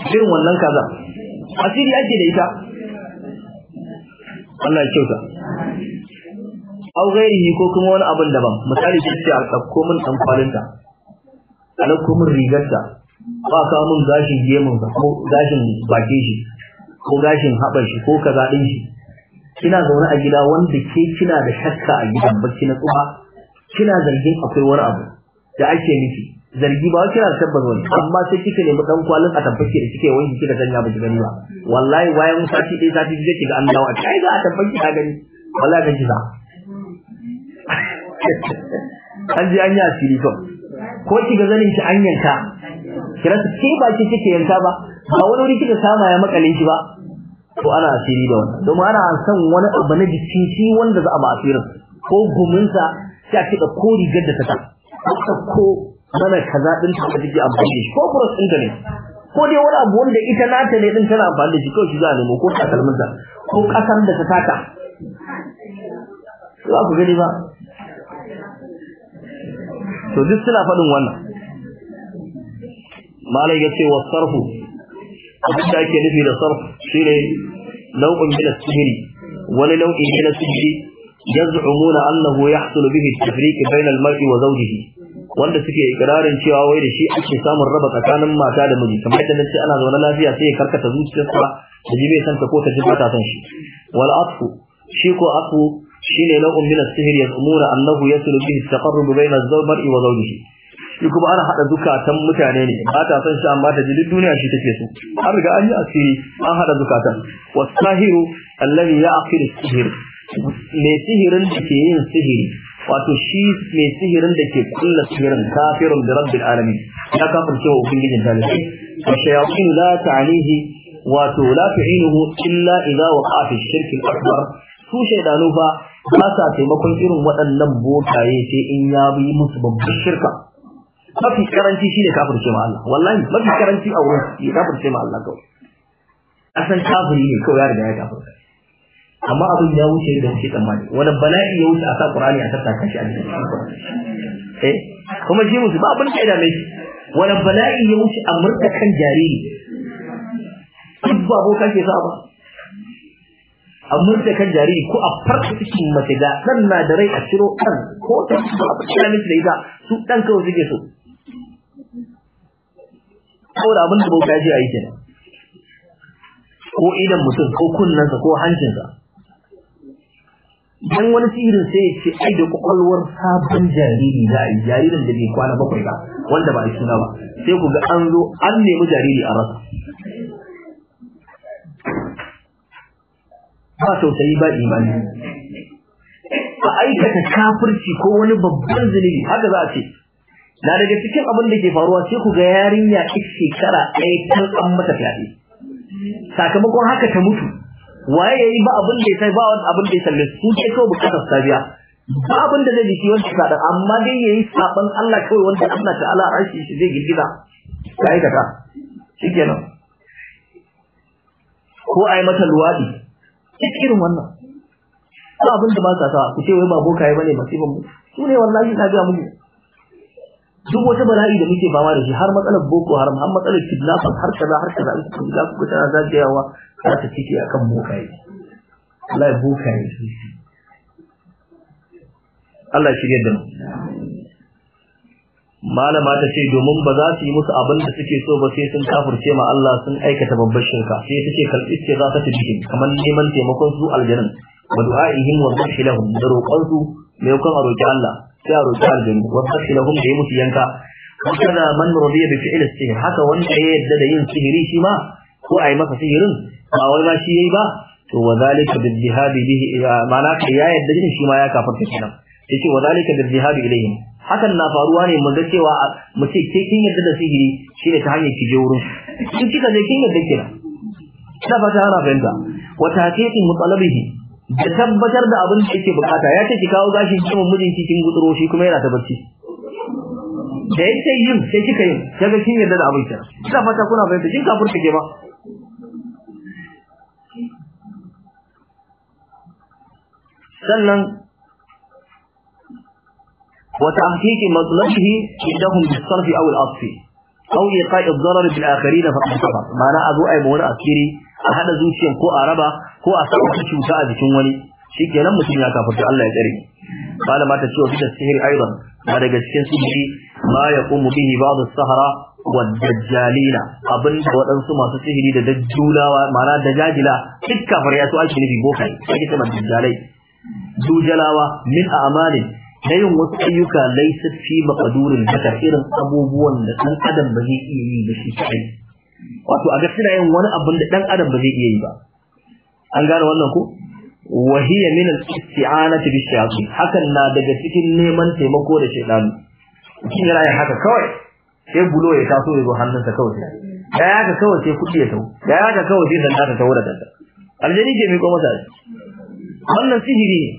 irin wannan kaza asiri ake da ita Allah ya kyauta au gairihi ko kuma wani abin daban misali shi ce a ɗauko min ɗan kwalinta a ɗauko min rigarta ba ka min gashin gemun ko gashin bakin shi ko gashin haɓar shi ko kaza ɗin shi kina zaune a gida wanda ke kina da shakka a gidan ba na tsuba, kina zargin akwai wani abu da ake nufi zargi ba kira tabbas wani amma sai kika nemi dan kwalin a tabbaki da kike wanki kika sanya ba gani ruwa wallahi wayan sati ɗaya sati biyu kika an dawo a kai ga a tabbaki a gani wallahi kan kisa an ji an yi asiri to ko ga zanin ki an yanka kira su ke ba ki kike yanka ba ba wani wuri kike sama ya makalin ki ba to ana asiri da wannan domin ana son wani abu na jikin wanda za a ba asirin ko sa sai a kika ko rigar da ta ta ko mana kaza din ta take amfani ko kuma sun da ne ko dai wani abu wanda ita nata ne din tana amfani da shi kawai shi za ne mu, ko kalmanta ko kasar da ta taka za ku gani ba to duk suna faɗin wannan malai ya ce wa sarfu abin da ake nufi da sarfu shine nau'in min sihiri wani nau'in min sihiri yaz'umuna annahu yahsulu bihi at-tafriq bayna mari wa zawjihi wanda suke ikirarin cewa wai da shi ake samun raba tsakanin mata da miji kamar yadda nace ana zaune lafiya sai ya karkata zuciyarsa da ji san ta ko ta ji ba ta san shi wal atfu shi ko atfu shine nau'in min as-sihr yazmura annahu yasulu bihi at-taqarrub bayna az-zawji wa zawjihi shi kuma ana hada zukatan mutane ne ba ta san shi amma ta ji duniya shi take so an riga an yi asiri an hada zukatan was-sahiru alladhi ya'qilu as-sihr mai sihirin da ke yin sihiri wato shi mai sihirin da ke kulla sihirin kafirun bi rabbil alamin ya kafirce wa ubangijin talibai wa shayatin la ta'alihi wato la tu'inuhu illa idza waqa'a fi shirki akbar su shaydanu fa ba sa taimakon irin waɗannan bokaye sai in ya bi musu babbar shirka mafi karanci shine kafirce ma Allah wallahi mafi karanci a wurin ya kafirce ma Allah kawai asan kafiri ne kawai ya riga ya kafirce amma abin ya wuce da wuce tsammani wani bala'i ya wuce a sa qur'ani a tattaka shi a cikin eh kuma shi musu ba abin da ya shi wani bala'i ya wuce a murka kan jariri duk ba boka ke sa ba a murka kan jariri ko a farka cikin mace ga dan na da rai a ciro kan ko ta ba a cikin mace da ita su dan kawai suke so saboda abin da bauta ji a yi kenan ko idan mutum ko kunnensa ko hancinsa dan wani sihirin sai ya ce ai da kwakwalwar sabon jariri da ai jaririn da bai kwana bakwai ba wanda ba a suna ba sai ku ga an zo an nemi jariri a rasa ba tausayi ba imani ba aikata kafirci ko wani babban zunubi haka za a ce na daga cikin abin da ke faruwa sai ku ga yarinya ɗin shekara ɗaya kan an mata fyaɗe sakamakon haka ta mutu waye yayi ba abin da ya ba wani abin da ya salle su ke ko bukatar sabiya ba abin da zai jiki wani ka amma dai yayi saban Allah kawai wanda Allah ta'ala arshi shi zai girgiza kai da ka shikenan ko ai mata luwadi irin wannan ba abin da ba sa sa ku ce wai ba yayi bane masifan mu su ne wallahi na ga mu duk wata bala'i da muke fama da shi har matsalar boko haram har matsalar kidnapping har kaza har kaza in kuka ga kuka tana zagayawa Za ta ciki a kan bokaye Allah ya bokaye su Allah shirya da mu malama ta ce domin ba za su yi musu abin da suke so ba sai sun kafurce ma Allah sun aikata babbar shirka sai ta ce kal istighasa ta bihin kamar neman taimakon su aljanun wa du'a'ihim wa dhahi lahum da roƙon su mai kan a roƙi Allah sai a roƙi aljanu wa dhahi lahum da yi musu yanka haka man radiya bi fi'l sihir haka wanda ya yadda da yin sihiri shi ma ko a yi masa sihirin ba wai ma shi yayi ba to wa zalika bil jihad bihi ma'ana ka ya yadda jin shi ma ya kafarta kenan yace wa zalika bil jihad ilayhim hakan na faruwa ne mun ga cewa mu ce ke kin yadda da sihiri shine ta hanyar je wurin shi kika ne kin yadda kenan da fata hana fahimta wa taqiqi mutalabihi da tabbatar da abin da yake bukata ya ce ki kawo gashin kimin mijinki kin gutsuro shi kuma yana ta barci. da yake yin sai kika yin kaga kin yadda da abin ta da fata kuna fahimta kin kafurta ke ba sannan wata hakiki وتحقيق مطلبه عندهم بالصرف او العطف او ايقاء الضرر بالاخرين فقد كفر معنى ازو اي مون اسكيري a zo a a yi wani asiri, haɗa zuciyan ko a raba ko a sa wata cuta a jikin wani shi kenan mutum ya da Allah ya tsare malama ta ce wa fitar sihiri aidan ba daga cikin sihiri ma ya qumu bihi ba'd as-sahara wa dajjalina abinda waɗansu masu sihiri da dajjulawa ma'ana dajajila duk kafar ya so ake nufi bokai ake ce dajjalai Dujalawa min a'malin da yin wasu ayyuka laisa fi maqdurin da irin abubuwan da dan adam ba zai iya yi da shi kai wato a ga yin wani abin da dan adam ba zai iya yi ba an gane wannan ko wa hiya min al-isti'anati bi shayatin hakan na daga cikin neman taimako da shaytan kin yana yin haka kawai sai bulo ya taso ya zo hannunsa kawai da ya ka kawai sai kudi ya tawo da ya ka kawai sai dan ta tawo da danta aljani ke miko masa wannan sihiri ne.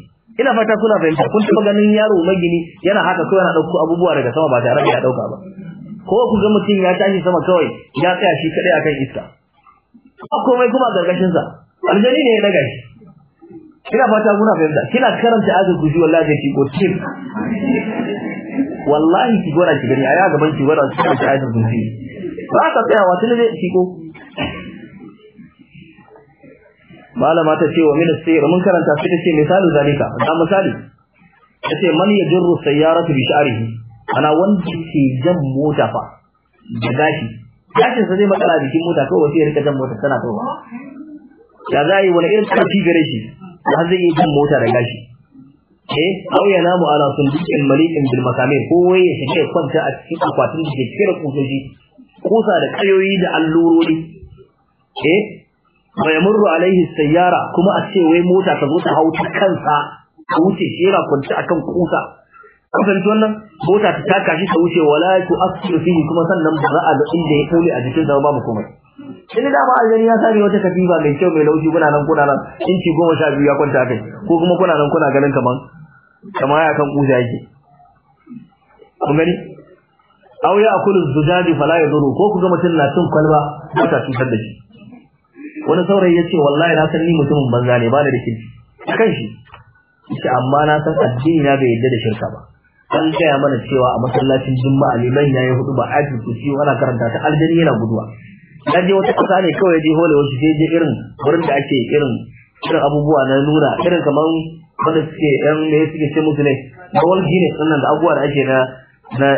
ina fata kuna fahimta kun taba ganin yaro magini yana haka ko yana dauko abubuwa daga sama ba tare da ya dauka ba ko ku ga mutum ya tashi sama kawai ya tsaya shi kadai akan iska ko komai kuma gargashin sa aljani ne ya daga shi ina fata kuna fahimta kina karanta azu kuji wallahi da ki ko tim wallahi ki gora ki gani a ya gaban ki gora ki karanta azu kuji ba ka tsaya wa tilbe ki ko malama ta ce wa min as-sayr mun karanta shi ce misalu zalika da misali ace man yajru sayyaratu bi sha'rihi ana wanda ke jan mota fa da gashi gashin sa zai matsala jikin mota kawai sai ya rika jan mota tana za ya zai wani irin karfi gare shi har zai jan mota da gashi eh au ya namu ala sunduqin malikin bil makamir ko waye ya shige kwanta a cikin akwatin da ke ƙusa da kusa da kayoyi da allurori eh wa yamurru alaihi sayyara kuma a ce wai mota ta zo ta hau ta kansa ta wuce jira kunta akan kusa kafin fahimci wannan mota ta taka shi ta wuce wala tu asiru fi kuma sannan ba za a ga inda ya kole a jikin sa babu komai Ini da ba aljani ya sani wata katiba mai kyau mai laushi kuna nan kuna nan inci goma sha biyu ya kwanta kai ko kuma kuna nan kuna ganin kaman kamar ya kan kusa yake kun gani aw ya akulu zujaji fala yaduru ko ku ga mutum na cin kwalba ba ta cutar da shi wani saurayi ya ce wallahi na san ni mutumin banza ne ba da A kan shi yace amma na san addini na bai yadda da shirka ba an gaya mana cewa a masallacin juma'a ne ya yi hudu ba aji kusi ana karanta ta aljani yana guduwa ya je wata kasa ne kawai je hole wasu je je irin wurin da ake irin irin abubuwa na nuna irin kamar wanda suke yan ne suke ce musu ne na wani gine sannan da abubuwa da ake na na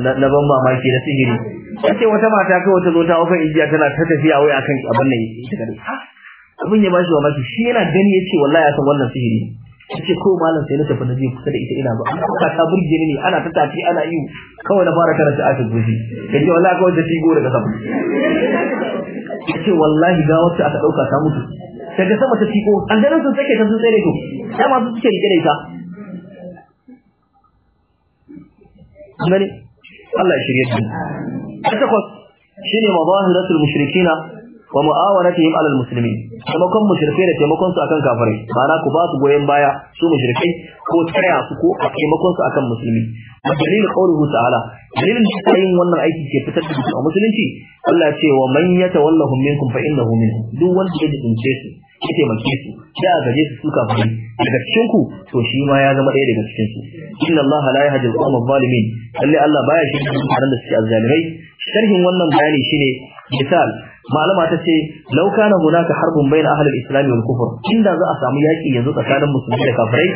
na na ban mamaki na sihiri yace wata mata kawai ta zo ta hauka igiya tana ta tafiya wai akan abin nan abin ya bashi mamaki shi yana gani yace wallahi ya san wannan sihiri yace ko malam sai na tafi na je kusa da ita ina ba Amma ka ta burge ni ana ta tafi ana yi kawai na fara karanta a tabbati yace wallahi kawai da tigo daga sama yace wallahi ga wacce aka dauka ta mutu daga sama ta tigo aljanan sun take ta sun tsere to sai ma su suke rike da ita gani Allah ya shirye ta takwas shine mazahiratul mushrikina wa mu'awanatihim alal muslimin taimakon mushrikai da taimakon su akan kafirai ma'ana ku ba su goyen baya su mushrikai ko taya su ko a taimakon su akan musulmi wa dalilin qawluhu ta'ala dalilin da yin wannan aiki ke fitar da musulunci Allah ce wa man yatawallahum minkum fa innahu minhum duk wanda ya dinke su ya taimake su sai a gaje su su kafirai daga cikin ku to shi ma ya zama ɗaya daga cikin su inna Allah la yahdi al-qawma zalimin Allah baya shi mutanen da suke azzalimai sharhin wannan bayani shine misal malama ta ce law kana hunaka harbun bayna ahli al-islam wal kufr inda za a samu yaki yanzu tsakanin musulmi da kafirai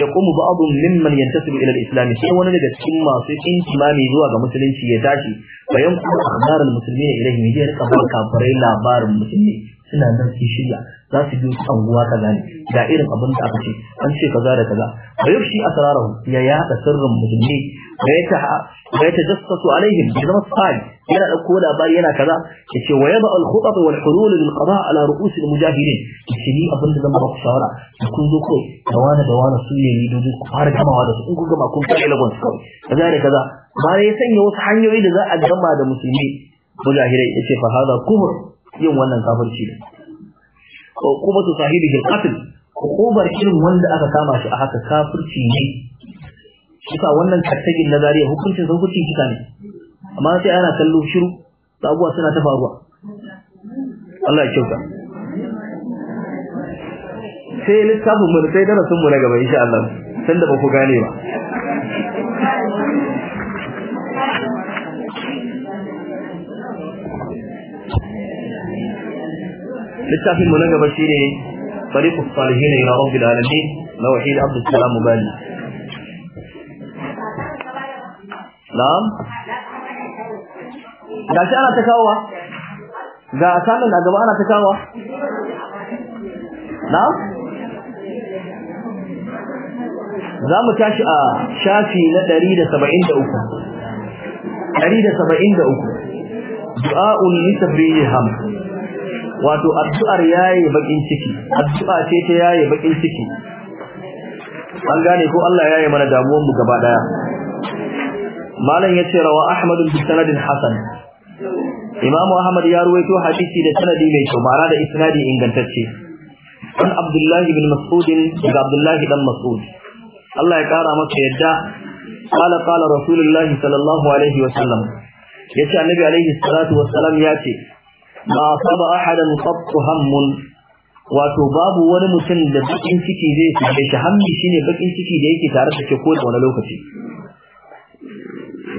ya kuma ba'dun mimman yantasibu ila al-islam sai wani daga cikin masu intimami zuwa ga musulunci ya tashi bayan kuma akhbarul muslimin ilayhi ya rika ba kafirai labarin musulmi suna nan su shirya za su bi anguwa kaza ne ga irin abin da aka ce an ce kaza da kaza wa yafshi asrarahu ya yada sirrin musulmi wa yata wa su alaihim bi zama sai yana dauko labari yana kaza yace wa yaba al khutat wal hulul lil qada ala ru'us al mujahidin yace ni abin da zan ba ku shawara da kun zo kai da wani da wani su ne dodo ku fara gamawa da su in kun gama kun kai lagon su kaza da kaza ba ya sanya wasu hanyoyi da za a gama da musulmi mujahidai yace fa hada kufur yin wannan kafirci ne ko kuma su sahibi bil qatl hukumar irin wanda aka kama shi a haka kafirci ne kisa wannan kattagin na zariya hukuncin sa hukuncin kisa ne amma sai ana kallo shiru abubuwa suna ta faruwa Allah ya kyauta sai littafin mu sai darasin mu na gaba insha Allah sanda ba ku gane ba littafin mu na gaba shine tariqu salihin ila rabbil alamin na wahid abdul salam mubali na'am ga shi ana ta kawowa ga sanin a gaba ana ta kawowa na'am za mu tashi a shafi na 173 173 du'a'un li tabrihi hamd wato addu'ar yayi bakin ciki addu'a ce ta yayi bakin ciki an gane ko Allah yayi mana damuwar mu gaba daya malam yace rawa ahmad bi sanadin hasan Imam ahmad ya ruwaito hadisi da sanadi mai kyau ma'ana da isnadi ingantacce an abdullahi bin mas'ud daga abdullahi dan mas'ud Allah ya kara masa yadda qala qala rasulullahi sallallahu alaihi wa sallam yace annabi alaihi salatu wa salam yace ba asaba ahadan qattu hammun wato babu wani mutum da bakin ciki zai same shi hammi shine bakin ciki da yake tare da ke ko wani lokaci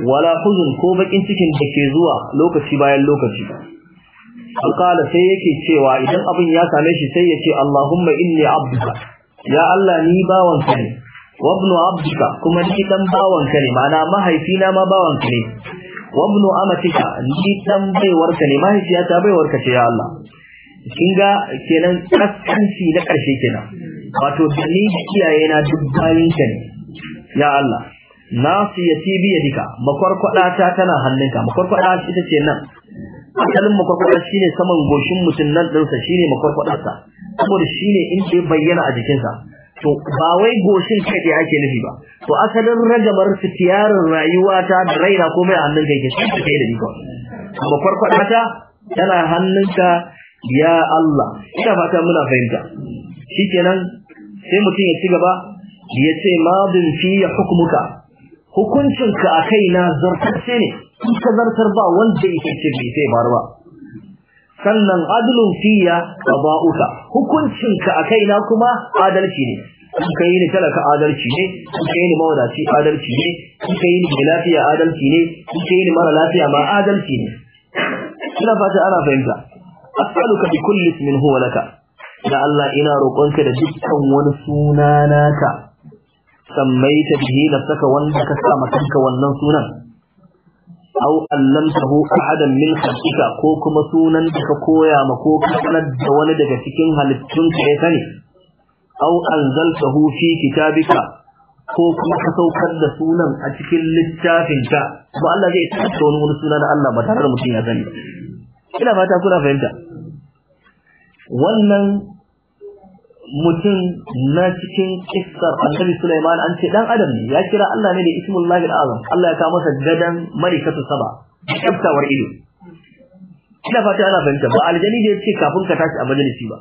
wala huzun ko bakin cikin da ke zuwa lokaci bayan lokaci kala sai yake cewa idan abin ya same shi sai ya ce Allahumma inni abduka ya Allah ni bawanka ne wa abduka kuma ni dan bawanka ne ma'ana mahaifina ma bawanka ne wa ibn amatika ni dan baiwarka ne mahaifiyata baiwarka ce ya Allah kin ga kenan kaskanci na karshe kenan wato da ni na duk bayin ka ne ya Allah nasiyati bi yadika makwarkwada ta tana hannunka makwarkwada ita ce nan asalin makwarkwada shine saman goshin mutum nan dinsa shine makwarkwadarsa saboda shine in ya bayyana a jikinsa to ba wai goshin kai da ake nufi ba to asalin ragamar sitiyarin rayuwa ta da raina ko mai hannun kai ke shi kai da ni Amma farfada ta tana hannunka ya Allah ina fata muna fahimta shikenan sai mutum ya ci gaba ya ce ma bin fi Hukuncin ka a kai kaina ce ne in ka zartar ba wanda yake ce bai sai ba sannan adlun fiya ba'uka hukuncinka a kaina kuma adalci ne in ka yi ni talaka adalci ne in ka yi ni mawadaci adalci ne in ka yi ni mai lafiya adalci ne in ka yi ni mara lafiya ma adalci ne ina fata ana fahimta as'aluka bi kulli ismin huwa laka da Allah ina roƙonka da dukkan wani suna naka sammaita bihi nafsaka wanda ka sa kanka wannan sunan aw allamtahu ahadan min khalqika ko kuma sunan da ka koya ma ko ka sanar da wani daga cikin halittunka ya sani aw anzaltahu fi kitabika ko kuma ka saukar da sunan a cikin littafinka ba Allah zai tsaka wani wani suna na Allah ba tare da mutum ya sani ina fata kuna fahimta wannan mutum na cikin kissar annabi Sulaiman an ce dan adam ne ya kira Allah ne da ismullahi al-azam Allah ya kawo masa gadan marikatu saba kaftawar ido ina fata ana fahimta ba aljani da yake kafin ka tashi a majalisi ba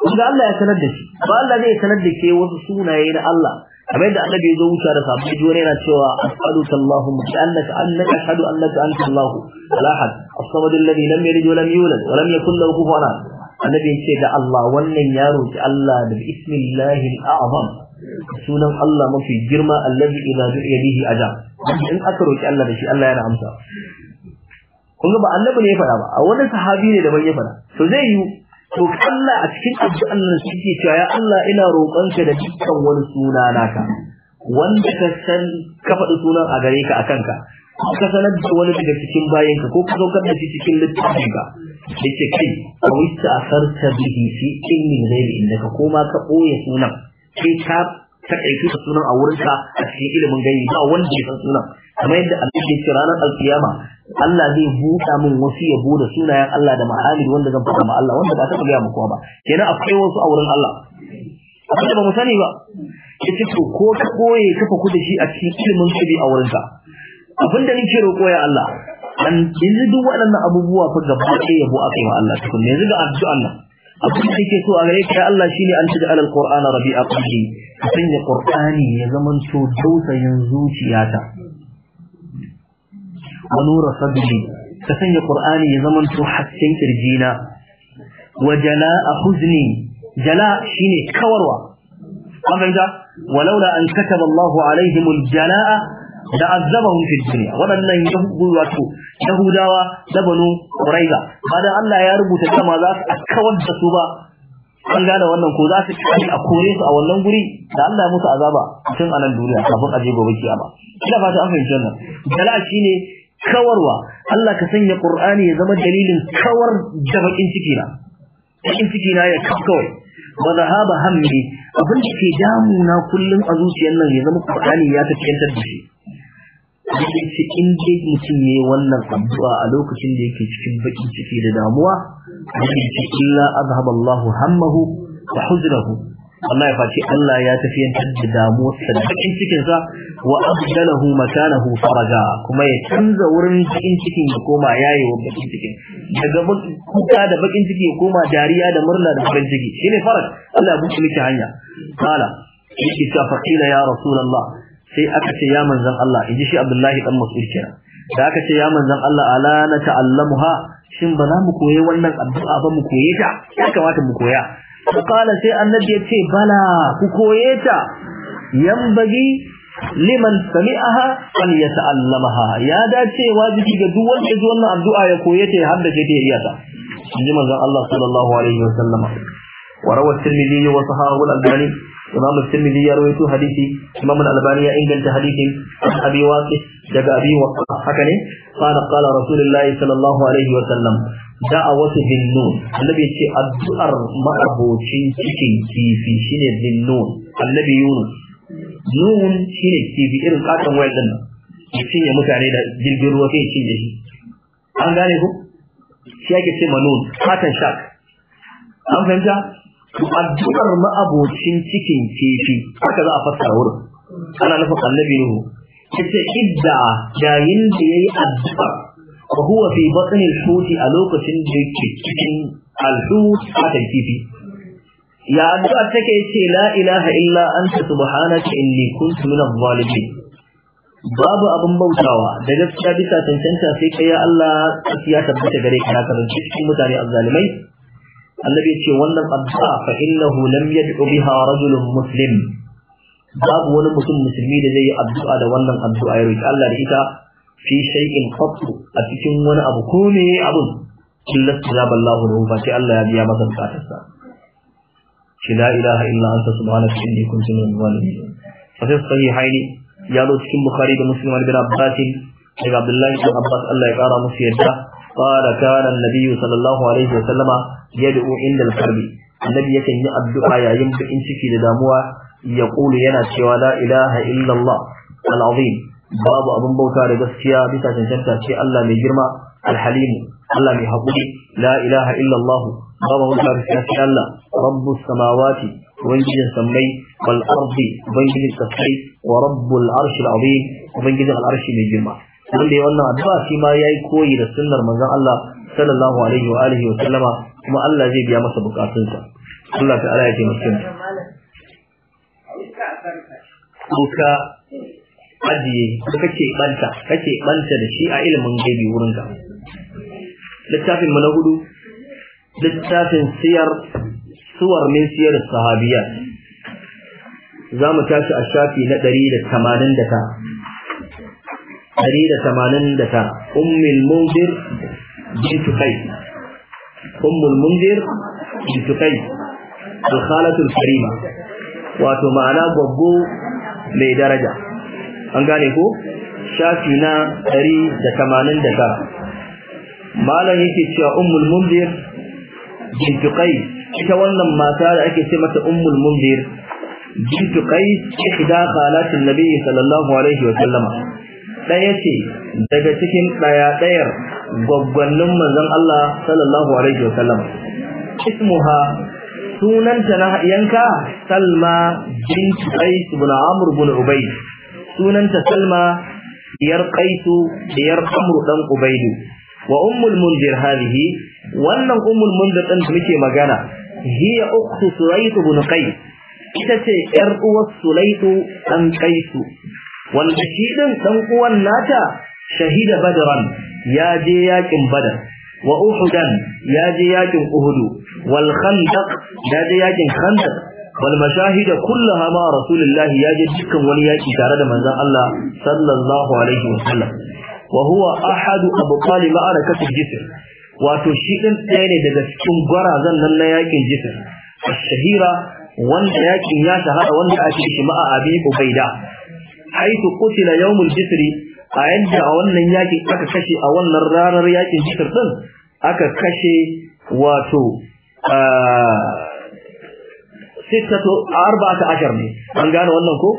kuma Allah ya sanar da shi ba Allah zai sanar da ke wasu sunaye na Allah kamar yadda annabi ya zo wuce da sabbi jone yana cewa as'aluka allahumma bi annaka annaka ashhadu annaka anta allah al ahad as-samad alladhi lam yalid wa lam yulad wa lam yakul lahu kufuwan ahad annabi ya ce da Allah wannan ya roki Allah da bismillahi al-a'zam sunan Allah mafi girma allazi idza du'iya bihi aja in aka roki Allah da shi Allah yana amsa kun ga ba annabi ne ya fara ba a wani sahabi ne da ban ya fara to zai yi to Allah a cikin addu'an nan suke cewa ya Allah ina roƙonka da dukkan wani suna naka wanda ka san ka faɗi sunan a gare ka akan ka ka sanar da wani daga cikin bayan ka ko ka saukar da shi cikin littafin ka da ke kai a wista a sarta bihi fi ilmin ghairi inda Ka koma ka boye sunan kai ka takaitu da sunan a wurin ka a cikin ilimin gani ba wanda ya san sunan kamar yadda Allah ke ce ranar alkiyama Allah zai buɗa min wasu yabo da sunayen Allah da ma'amil wanda zan faɗa ma Allah wanda ba ta gaya mu kowa ba kenan akwai wasu a wurin Allah abin da ba mu sani ba yace to ko ka koye kafa ku da shi a cikin ilimin kabi a wurin ka Abin da nake roƙo ya Allah an yanzu duk waɗannan abubuwa fa gaba ɗaya yabo aka yi wa Allah tukun yanzu ga addu'an nan abin da yake so a gare ka Allah shine an tada al'Qur'ana qur'ana rabi'a qalbi ka sanya qur'ani ya zaman to tausayin zuciyata wa nura sadri ka sanya qur'ani ya zaman to hasken kirjina wa jala'a huzni jala shine kawarwa an fahimta ولولا an كتب الله عليهم الجلاء da azabahu fi dunya wadannan yahudu wato yahudawa da banu quraiza bayan Allah ya rubuta dama za su kawar da su ba an gane wannan ko za su ci a kore su a wannan guri da Allah ya musu azaba tun a nan duniya kafin aje gobe kiyama ina fata an fahimci wannan dala shine kawarwa Allah ka sanya Qur'ani ya zama dalilin kawar da bakin ciki na bakin ciki na ya kawai wa zahaba hammi abin da ke damuna kullum a zuciyar nan ya zama Qur'ani ya tafiyantar da shi yace in dai mutum ne wannan addu'a a lokacin da yake cikin bakin ciki da damuwa yace illa azhaba Allahu hammahu wa huzrahu Allah ya faci Allah ya tafiyantar da damuwarsa da bakin cikinsa wa abdalahu makanahu faraja kuma ya canza wurin cikin cikin ya koma yayi wa bakin cikin daga kuka da bakin ciki ya koma dariya da murna da farin ciki shine faraj Allah ya buɗe miki hanya kala yake cewa faqila ya rasulullah sai aka ce ya manzan Allah in ji shi Abdullahi dan Mas'ud kenan da aka ce ya manzan Allah ala na ta'allamuha shin ba za mu koya wannan addu'a ba mu koye ta ya kamata mu koya qala sai annabi ya ce bala ku koye ta yambagi liman sami'aha an yata'allamaha ya dace wajibi ga duk wanda ya ji wannan addu'a ya koye ta ya haddace ta ya ta in ji manzan Allah sallallahu alaihi wa sallama وروى الترمذي وصححه الألباني imam tirmidhi ya rawaito hadisi imam al-albani ya inganta hadisin abi waqi daga abi waqi haka ne qala qala rasulullahi sallallahu alaihi wa sallam da'awatu bin nun annabi ce addu'ar ma'abocin cikin kifi shine bin nun annabi yunus nun shine kifi irin katon wayar din ya cinye mutane da jirgin ruwa sai ya cinye shi an gane ku? shi ake ce ma nun katon shark an fahimta to addu'ar ma'abocin cikin kifi haka za a fassara wurin ana nufin annabi nuhu yace idda yayin da yayi addu'a wa huwa fi batni al a lokacin da yake cikin al haka kifi ya addu'a take yace la ilaha illa anta subhanaka inni kuntu minadh zalimin babu abin bautawa da gaskiya bisa cancanta sai kai ya Allah ya tabbata gare ka na cikin mutane azzalimai annabi ya ce wannan addu'a fa innahu lam yad'u biha rajulun muslim babu wani mutum musulmi da zai yi addu'a da wannan addu'a ya roki Allah da ita fi shay'in qattu a cikin wani abu ko me abun illa tajaba Allah lahu fa Allah ya biya masa bukatarsa shi la ilaha illa anta subhanaka inni kuntu min zalimin fa sai sahihaini ya zo cikin bukhari da muslim ibn abbas daga abdullahi ibn abbas Allah ya kara musu yadda qala kana an-nabiy sallallahu alaihi wasallam yad'u inda al-karb annabi yakan yi addu'a yayin bakin ciki da damuwa ya kulu yana cewa la ilaha illallah al-azim babu abin bauta da gaskiya bisa cancanta ce Allah mai girma al-halim Allah mai hakuri la ilaha illallah babu bauta da gaskiya Allah rabbus samawati ubangijin sammai wal ardi ubangijin wa rabbul arshil azim ubangijin al'arshi mai girma wanda ya wannan addu'a shi ma yayi koyi da sunnar manzon Allah sallallahu alaihi wa alihi wa sallama kuma Allah zai biya masa bukatunsa Allah ta'ala ya ce masa kuka ajiye ko kake banta kake banta da shi a ilimin gabi wurin ka littafin mu na hudu littafin siyar suwar min siyar sahabiya za mu tashi a shafi na 189 189 ummul munzir bint ummul karima wato ma'ana babbo mai daraja an gane ko shafi na ta. malam yake cewa ummul munzir ita wannan mata da ake ce mata ummul munzir bint qais ihda khalatul nabi sallallahu alaihi wa sallama ɗaya ce daga cikin ɗaya ɗayar gwaggwannin manzon Allah sallallahu alaihi ismuha sunanta na yanka Salma bin Qais ibn Amr ibn Ubayd sunanta Salma diyar Qais diyar Amr dan Ubayd wa ummul munzir hadhihi wannan ummul munzir din da muke magana hiya ukhtu Sulayth ibn Qais ita ce yar uwar sulaitu, dan Qais wanda shi ɗan dan uwan nata shahida badran ya je yakin badar wa uhudan ya je yakin uhudu wal khandaq ya je yakin khandaq wal mashahid kullaha ma rasulullah ya je dukkan wani yaki tare da manzon Allah sallallahu alaihi wasallam wa huwa ahadu abqal ma'arakat al-jisr wato shi din ɗaya ne daga cikin gwarazan nan na yakin jisr ash-shahira wanda yakin ya shahara wanda ake shi ma'a abi ubaida haitu qutila yawmul jisri a yadda a wannan yakin aka kashe a wannan ranar yakin jisr din aka kashe wato sittatu arba'ata ashar ne an gane wannan ko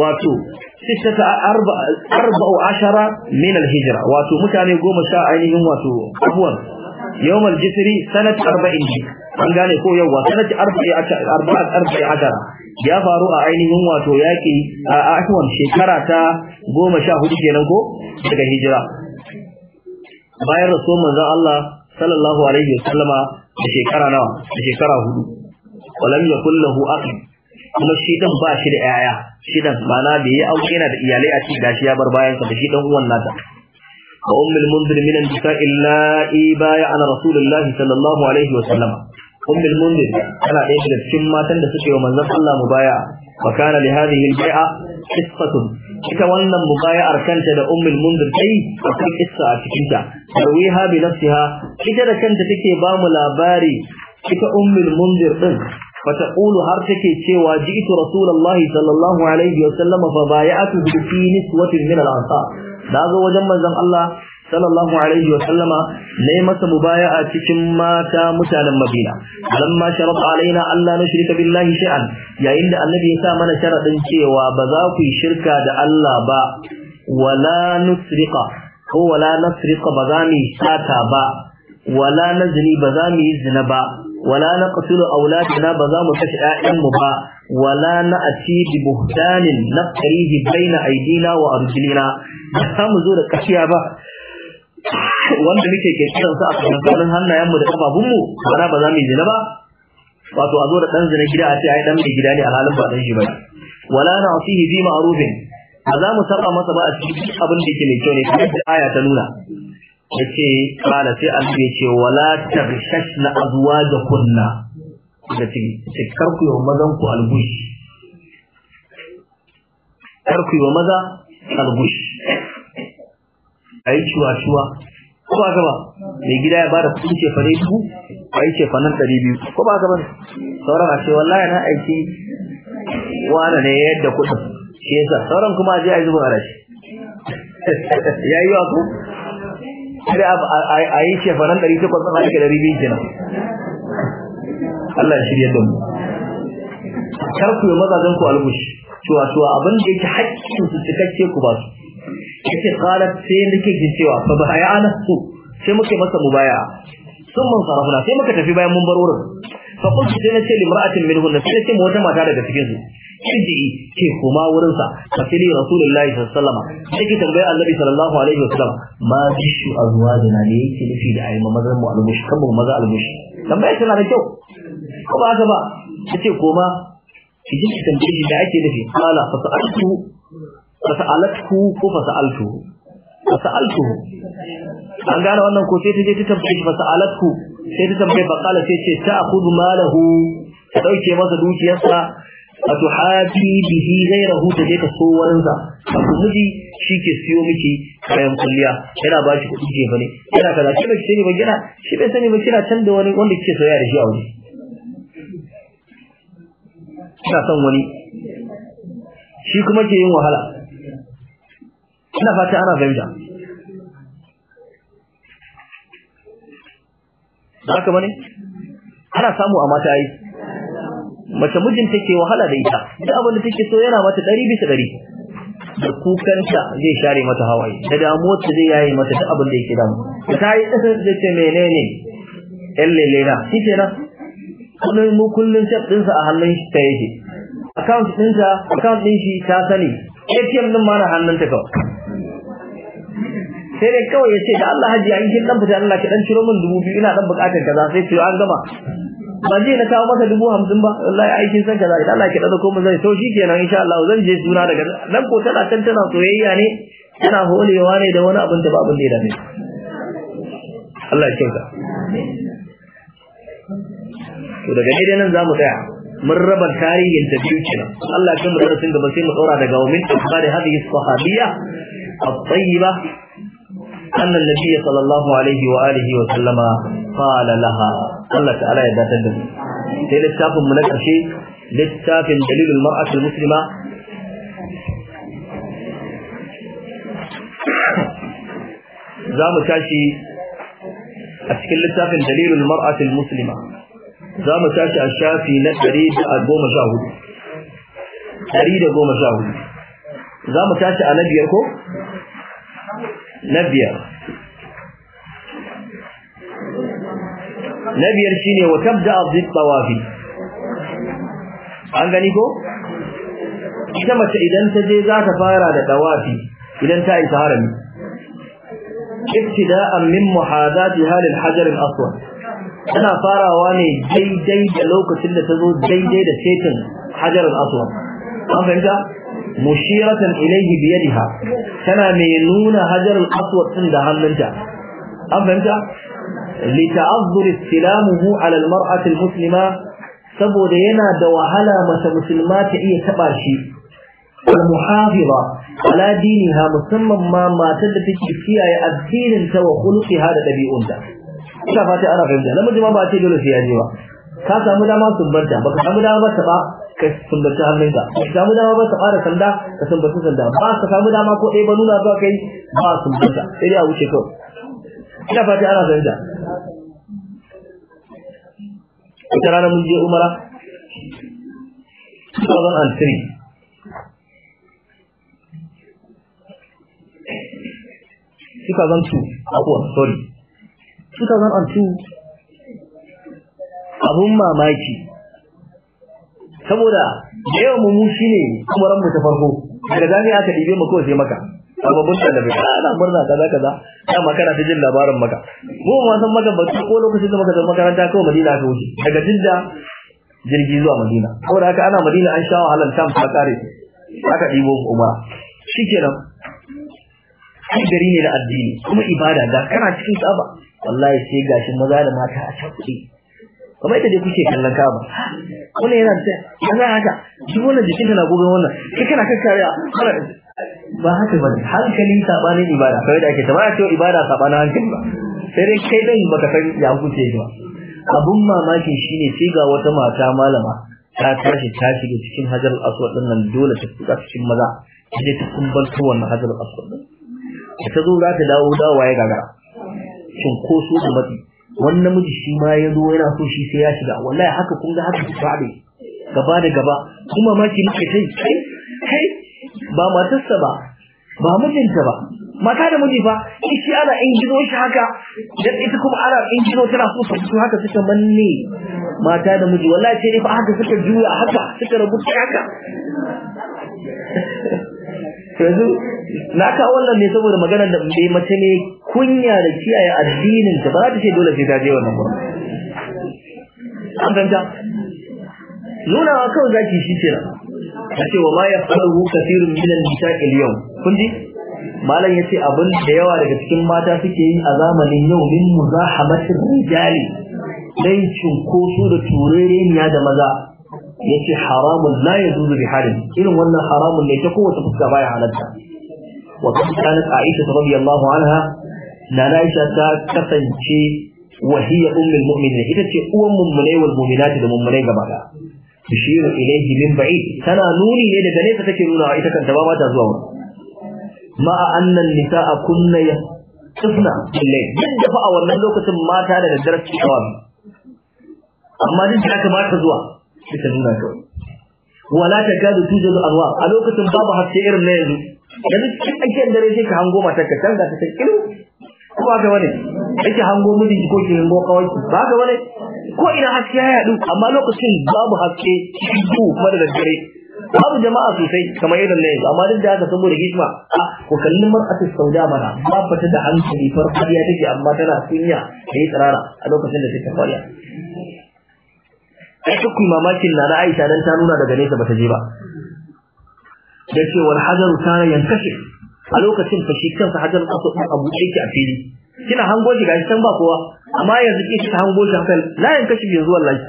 wato sittatu arba'u ashara min al-hijra wato mutane goma sha ainihin wato abuwan yawmal jisri sanat 40 an gane ko yawwa sanat 40 ya faru a ainihin wato yaki a ashwan shekara ta hudu kenan ko daga hijira bayan rasuwar manzon Allah sallallahu alaihi wa sallama da shekara nawa da shekara hudu walam yakul lahu aqib kuma shi dan ba shi da yaya shi dan mana bai yi aure yana da iyalai a cikin gashi ya bar bayan sa da shi dan uwan nata وأم المنذر من النساء اللائي بايعن رسول الله صلى الله عليه وسلم أم المنذر أنا أجد كما تندسك ومن الله مبايع وكان لهذه البيعة قصة ita wannan mubaya'ar kanta da ummul munzir tai akwai kissa a cikin ta rawiha bi nafsiha ita da kanta take bamu labari ita ummul ɗin? din fataqulu har take cewa ji'tu rasulullahi sallallahu alaihi wa sallam na zo wajen manzon Allah sallallahu alaihi wa sallama nayi masa mubaya'a cikin mata mutanen Madina alamma sharat alaina Allah nushrika billahi shay'an yayin da annabi ya sa mana sharadin cewa ba za ku yi shirka da Allah ba wala nusrika ko wala nasrika ba za mu sata ba wala nazni ba za mu yi zina ba wala naqtulu auladina ba za mu kashe mu ba wala na'ti bi buhtanin naqrihi baina aydina wa arjulina ba za mu zo da kashiya ba wanda muke kirkiran sa a kankanin hannayenmu da kafafunmu ba za mu yi zina ba wato a zo da dan zina gida a ce ai dan mai gida ne a halin ba dan shi ba. wala na na'tihi bi ma'rufin ba za mu saba masa ba a cikin abin da yake mai kyau ne kamar da aya ta nuna yace kana sai an ya ce wala na azuwa da ce karku wa mazan ku albushi karku maza kalbush a yi cuwa-cuwa ko ba gaba mai gida ya bada kudin ce fare dubu a yi ce fanan ɗari biyu ko ba gaba ne sauran a ce wallahi na aiki wani ne yadda kudin shi yasa sauran kuma a je a yi zuba a ya yi wa ku kada a yi ce fanan ɗari takwas ɗan aiki ɗari biyu kenan Allah ya shirya don mu kar ku yi mazajen ku albushi cewa cewa abin da yake haƙƙin su cikakke ku ba su yake qalat sai nake jin cewa fa ba ya ana su sai muke masa mubaya sun mun sarafuna sai muka tafi bayan mun bar wurin fa kun sai na ce limra'atin minhu na sai ce mu wata mata daga cikin su kiji ke kuma wurin sa fasili rasulullahi sallallahu alaihi wasallam sai ki tambaye annabi sallallahu alaihi wasallam ma bishu azwajina ne yake nufi da ayi mazan mu almushi kan mu maza almushi tambaye tana da kyau ko ba haka ba ce koma cikin cikin cikin da ake nufi kala fasa'altu fasa'alatku ko fasa'altu sa'altu? an gane wannan ko sai ta je ta tambaye shi fasa'alatku sai ta tambaye bakala sai ce ta akudu malahu ta dauke masa dukiyarsa a tuhati bihi ghairahu ta je ta so waninsa a miji shi ke siyo miki kayan kulliya yana ba shi kuɗi jefa ne yana kaza shi ki sani ba gina shi bai sani ba kina can da wani wanda kike soyayya da shi a wuri ina son wani shi kuma ke yin wahala ina fata ana fahimta da haka bane ana samu a mata yi mace mijin take wahala da ita duk abin da take so yana mata ɗari bisa ɗari da kukanta zai share mata hawaye da damuwar ta zai yaye mata duk abin da yake damu da ta yi ƙasar da ce menene ƴan lelena shi na? kullum mu kullum check ɗinsa a hannun shi ta yake account dinsa account ɗin shi ta sani ATM ɗin ma na hannun ta kawai sai dai kawai ya ce da Allah haji an kin dan fita Allah ki dan ciro min dubu biyu ina dan bukatar kaza sai ciro an gama ba je na kawo maka dubu hamsin ba wallahi aikin san kaza idan Allah ki dan ko mun zai to kenan insha Allah zan je suna daga dan ko tana can tana soyayya ne tana holewa ne da wani abin da ba abin da ya Allah ya kinka to daga ne dai nan za mu tsaya mun raba tarihin ta biyu kenan Allah ya mu darasin gaba sai mu tsora daga wa min tsari hadhihi sahabiyya at-tayyiba anna an-nabiy sallallahu alaihi wa alihi wa sallama qala laha Allah ta'ala ya datar da mu sai littafin mu na karshe littafin dalilul mar'atul muslima za mu tashi a cikin littafin dalilul mar'atul muslima za mu tashi a shafi na ɗari da goma sha hudu ɗari da goma sha hudu za mu tashi a na biyar ko? na biyar na biyar shi ne wata da abin tsawafi an gani ko? ita mace idan ta je za ta fara da tsawafi idan ta isa harami ibtida'an min muhadati halil hajar al-aswad tana farawa ne daidai da lokacin da ta zo daidai da setin hajar al-aswad an fahimta mushiratan ilayhi bi yadiha tana mai nuna hajar al-aswad din da hannunta an fahimta li ta'azzur istilamuhu ala al-mar'ati muslima saboda yana da wahala mace musulma ta iya taɓa shi al-muhafiza ala diniha musamman ma matar da take kiyaye addinin ta wa khuluqiha da ɗabi'unta. ina fata ana fahimta namiji ma ba a ce dole sai ya je ba ka samu dama sumbanta baka samu dama ba ta ba ka ta hannunka ka samu dama ba ta fara sanda ka sumbanta sanda ba ka samu dama ko ɗaya ba nuna zuwa kai ba sumbanta sai dai a wuce kawai ina fata ana fahimta ita rana mun je umara 2003 2002 abuwa sorry 2002 abun mamaki saboda yawan mummu shi ne umaran mu ta farko daga zane aka ɗibe mu kawai sai maka sababbin a ana murna kaza kaza ya makara ta jin labarin maka mu ma san maka ba ko lokacin da maka zama makaranta kawai Madina aka wuce daga Jidda jirgi zuwa Madina saboda haka ana Madina an sha wahalan tam ta kare aka dibo umara shikenan ai gari ne da addini kuma ibada ga kana cikin tsaba wallahi sai gashi maza da mata a cakuɗe kamar ita kuke kallon kaba wannan yana ta yana haka shi wannan jikin na gogon wannan shi kana kakkarya ba haka bane hankali sabanin ibada Sai da ake ta ba cewa ibada sabanin hankali ba sai dai kai dai baka san ya kuce ba abun mamaki shine sai ga wata mata malama ta tashi ta shiga cikin hajar aswad din nan dole ta fita cikin maza sai ta kumbalto wannan hajar aswad din ta zo za ta dawo dawo ya gagara Shin ko so da mafi? wani namiji shi ma ya zo yana so shi sai ya shiga wallahi haka kun ga haka su faɗi gaba da gaba kuma ma ki muke kai kai ba matarsa ba ba mijinta ba mata da miji fa shi ana in gizo shi haka dan ita kuma ana in gizo tana so ta fito haka suka manne mata da miji wallahi sai dai fa haka suka juya haka suka rubuta haka yanzu na kawo wannan ne saboda maganar da bai mace ne kunya da kiyaye addinin ta ba ta ce dole sai ta je wannan gurin an fahimta nuna wa kawai zaki shi ce a ce wa ma ya faru kasirun minan nisa yau kun ji malam ya ce abin da yawa daga cikin mata suke yi a zamanin yau min muzahamatin rijali dan cinkoso da turereniya da maza yace haramun la yazuzu bi irin wannan haramun ne ta kowace fuska baya halatta wa kan kana aisha radiyallahu anha na aisha ta kasance wa hiya ummul ita ce uwan mu'minai wal da mu'minai gaba da tushiru ilayhi min tana nuni ne daga nesa take nuna ita kanta ba ta zuwa wani ma'a annan nisa'a kunna ya tufna lillahi duk da a wannan lokacin mata da daddare cikin amma duk da zuwa suka nuna kawai wala ta kadu tujadu anwa a lokacin babu haske irin na yanzu yanzu cikin tsakiyar dare sai ka hango mata ka canza ta cikin ko ba ka wani yake hango miji ko ki hango kawai ba ka wani ko ina haske ya yadu amma lokacin babu haske ko kuma da dare babu jama'a sosai kamar irin na yanzu amma duk da haka saboda hikima ko kallin mar'atu sauda mana ba fata da hankali farfariya take amma tana kunya da yi tsirara a lokacin da take fariya ai duk mamakin na na Aisha dan ta nuna daga nesa bata je ba yace wal hajar kana yankashi a lokacin ta shi kansa hajar so din abu yake a fili kina hango shi gashi can ba kowa amma yanzu ki shi hango shi hakan la yankashi yanzu wallahi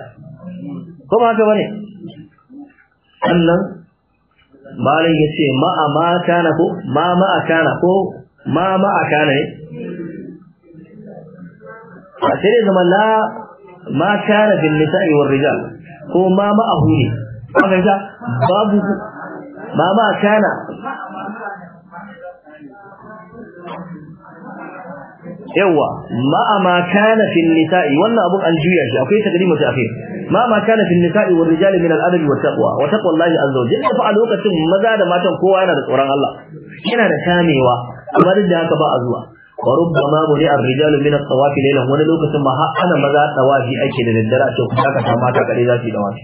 ko ba haka bane sannan malam yace ma ma kana ko ma ma kana ko ma ma kana ne a sai zama la ma kana bil nisa'i war rijal ko ma ma ahuni kaga ga babu ma ma kana yawa ma ma kana fil nisa'i wannan abun an juya shi akwai takdimu ta akhir ma ma kana fil nisa'i war rijal min al adab wa taqwa wa taqwa Allah azza wa jalla fa a lokacin maza da matan kowa yana da tsoron Allah yana da kamewa amma duk da haka ba a zuwa wa rubbama buri ar-rijalu min at-tawafi laylan wani lokacin ma har ana maza tawafi ake da daddare a ce ku ka ta mata kare za su yi tawafi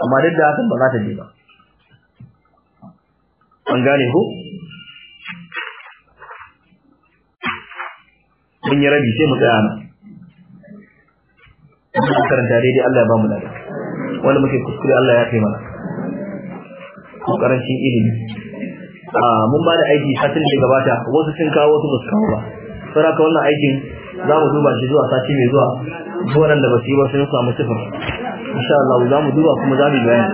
amma duk da hakan ba za ta je ba an gane ko mun yi rabi sai mu tsaya nan mun karanta daidai Allah ya ba mu da wani muke kuskure Allah ya kai mana ko karancin ilimi mun ba da aiki satin da gabata wasu sun kawo wasu basu kawo ba saboda ka wannan aikin za mu duba shi zuwa sati mai zuwa da ba su yi ba sun samu sifir insha Allah za mu duba kuma za mu yi bayani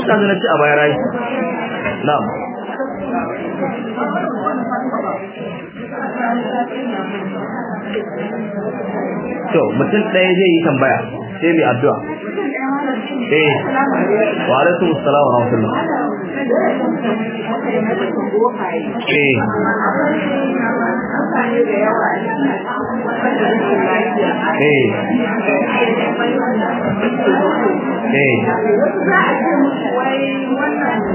ina ganin ci a baya rai na'am to mutum ɗaya zai yi tambaya sai mai addu'a eh wa alaikum assalam wa rahmatullah eh eh eh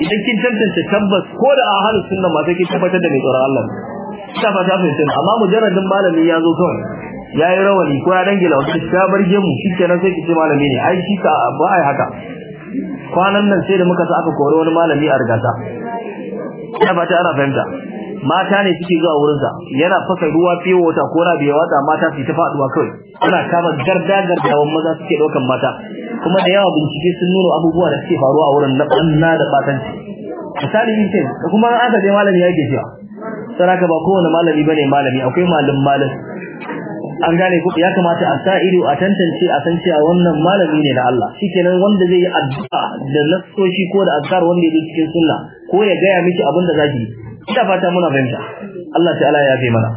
idan kin tantance tabbas ko da a halin sunna ma sai kin tabbatar da mai tsoron Allah ta ta fahimta amma mujarradin malami ya zo kawai ya yi rawani ko ya dangila wata ta bar mu shi nan sai ki ce malami ne ai shi ka ba ai haka kwanan nan sai da muka sa aka kori wani malami a rigasa ta ana fahimta mata ne suke zuwa wurin sa, yana fasa ruwa fiye wata ko rabi ya watsa mata su ta faduwa kawai ana kama da yawan maza suke daukan mata kuma da yawa bincike sun nuna abubuwa da suke faruwa a wurin na banna da batanci misali in ce kuma an aka dai malami yake cewa saraka ba kowane malami bane malami akwai malam malam an gane ku ya kamata a sa ido a tantance a san cewa wannan malami ne da Allah shikenan wanda zai yi addu'a da nasoshi ko da azkar wanda yake cikin sunna ko ya gaya miki abin da zaki ina fata muna fahimta Allah ta'ala ya yafe mana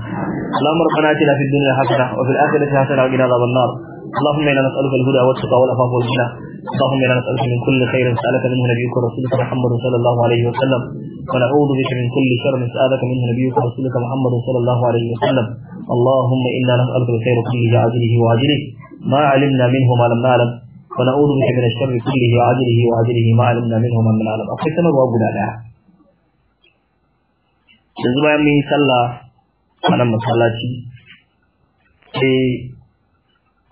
Allahumma rabbana atina fid dunya hasana wa fil akhirati hasana wa qina adhaban nar اللهم انا نسالك الهدى والتقى والعفاف والغنى اللهم انا نسالك من كل خير سالك منه نبيك ورسولك محمد صلى الله عليه وسلم ونعوذ بك من كل شر سالك منه نبيك ورسولك محمد صلى الله عليه وسلم اللهم انا نسالك الخير كله عاجله واجله ما علمنا منه ما لم نعلم ونعوذ بك من الشر كله وعجله وعجله ما علمنا منه من لا نعلم akwai sanarwa guda daya yanzu bayan mun yi sallah a nan masallaci sai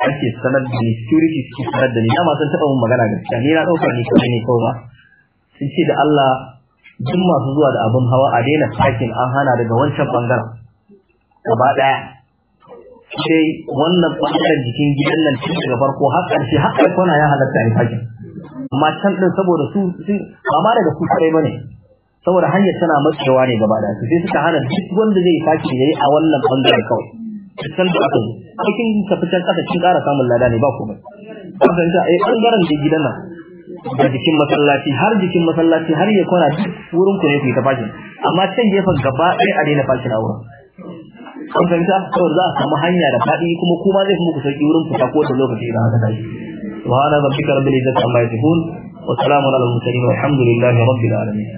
ake sanar da ni security suke sanar da ni dama sun taɓa mun magana gaskiya ni na ɗauka ni kawai ne kawai ba sun ce da Allah duk masu zuwa da abun hawa a daina fakin an hana daga wancan bangaren gaba ɗaya sai wannan bangaren jikin gidan nan tun daga farko har ƙarshe har ƙarfona ya halatta a yi fakin amma can ɗin saboda su ba amma daga su kare ba ne saboda hanyar tana matsewa ne gaba da su sai suka hana duk wanda zai fakin ya yi a wannan bangaren kawai san da aka zo cikin tafi can ƙasa kin ƙara samun lada ne ba ba wannan ta yi bangaren da gidan nan da jikin masallaci har jikin masallaci har ya kwana wurin ku ne ku yi ta fakin amma can gefen gaba ɗaya a daina fakin a wurin kun ta saboda za a samu hanya da faɗi kuma kuma zai muku sauki wurin fita ko da lokaci da aka tashi subhana rabbika rabbil izzati amma yasifun wa salamun alal mursalin walhamdulillahi rabbil alamin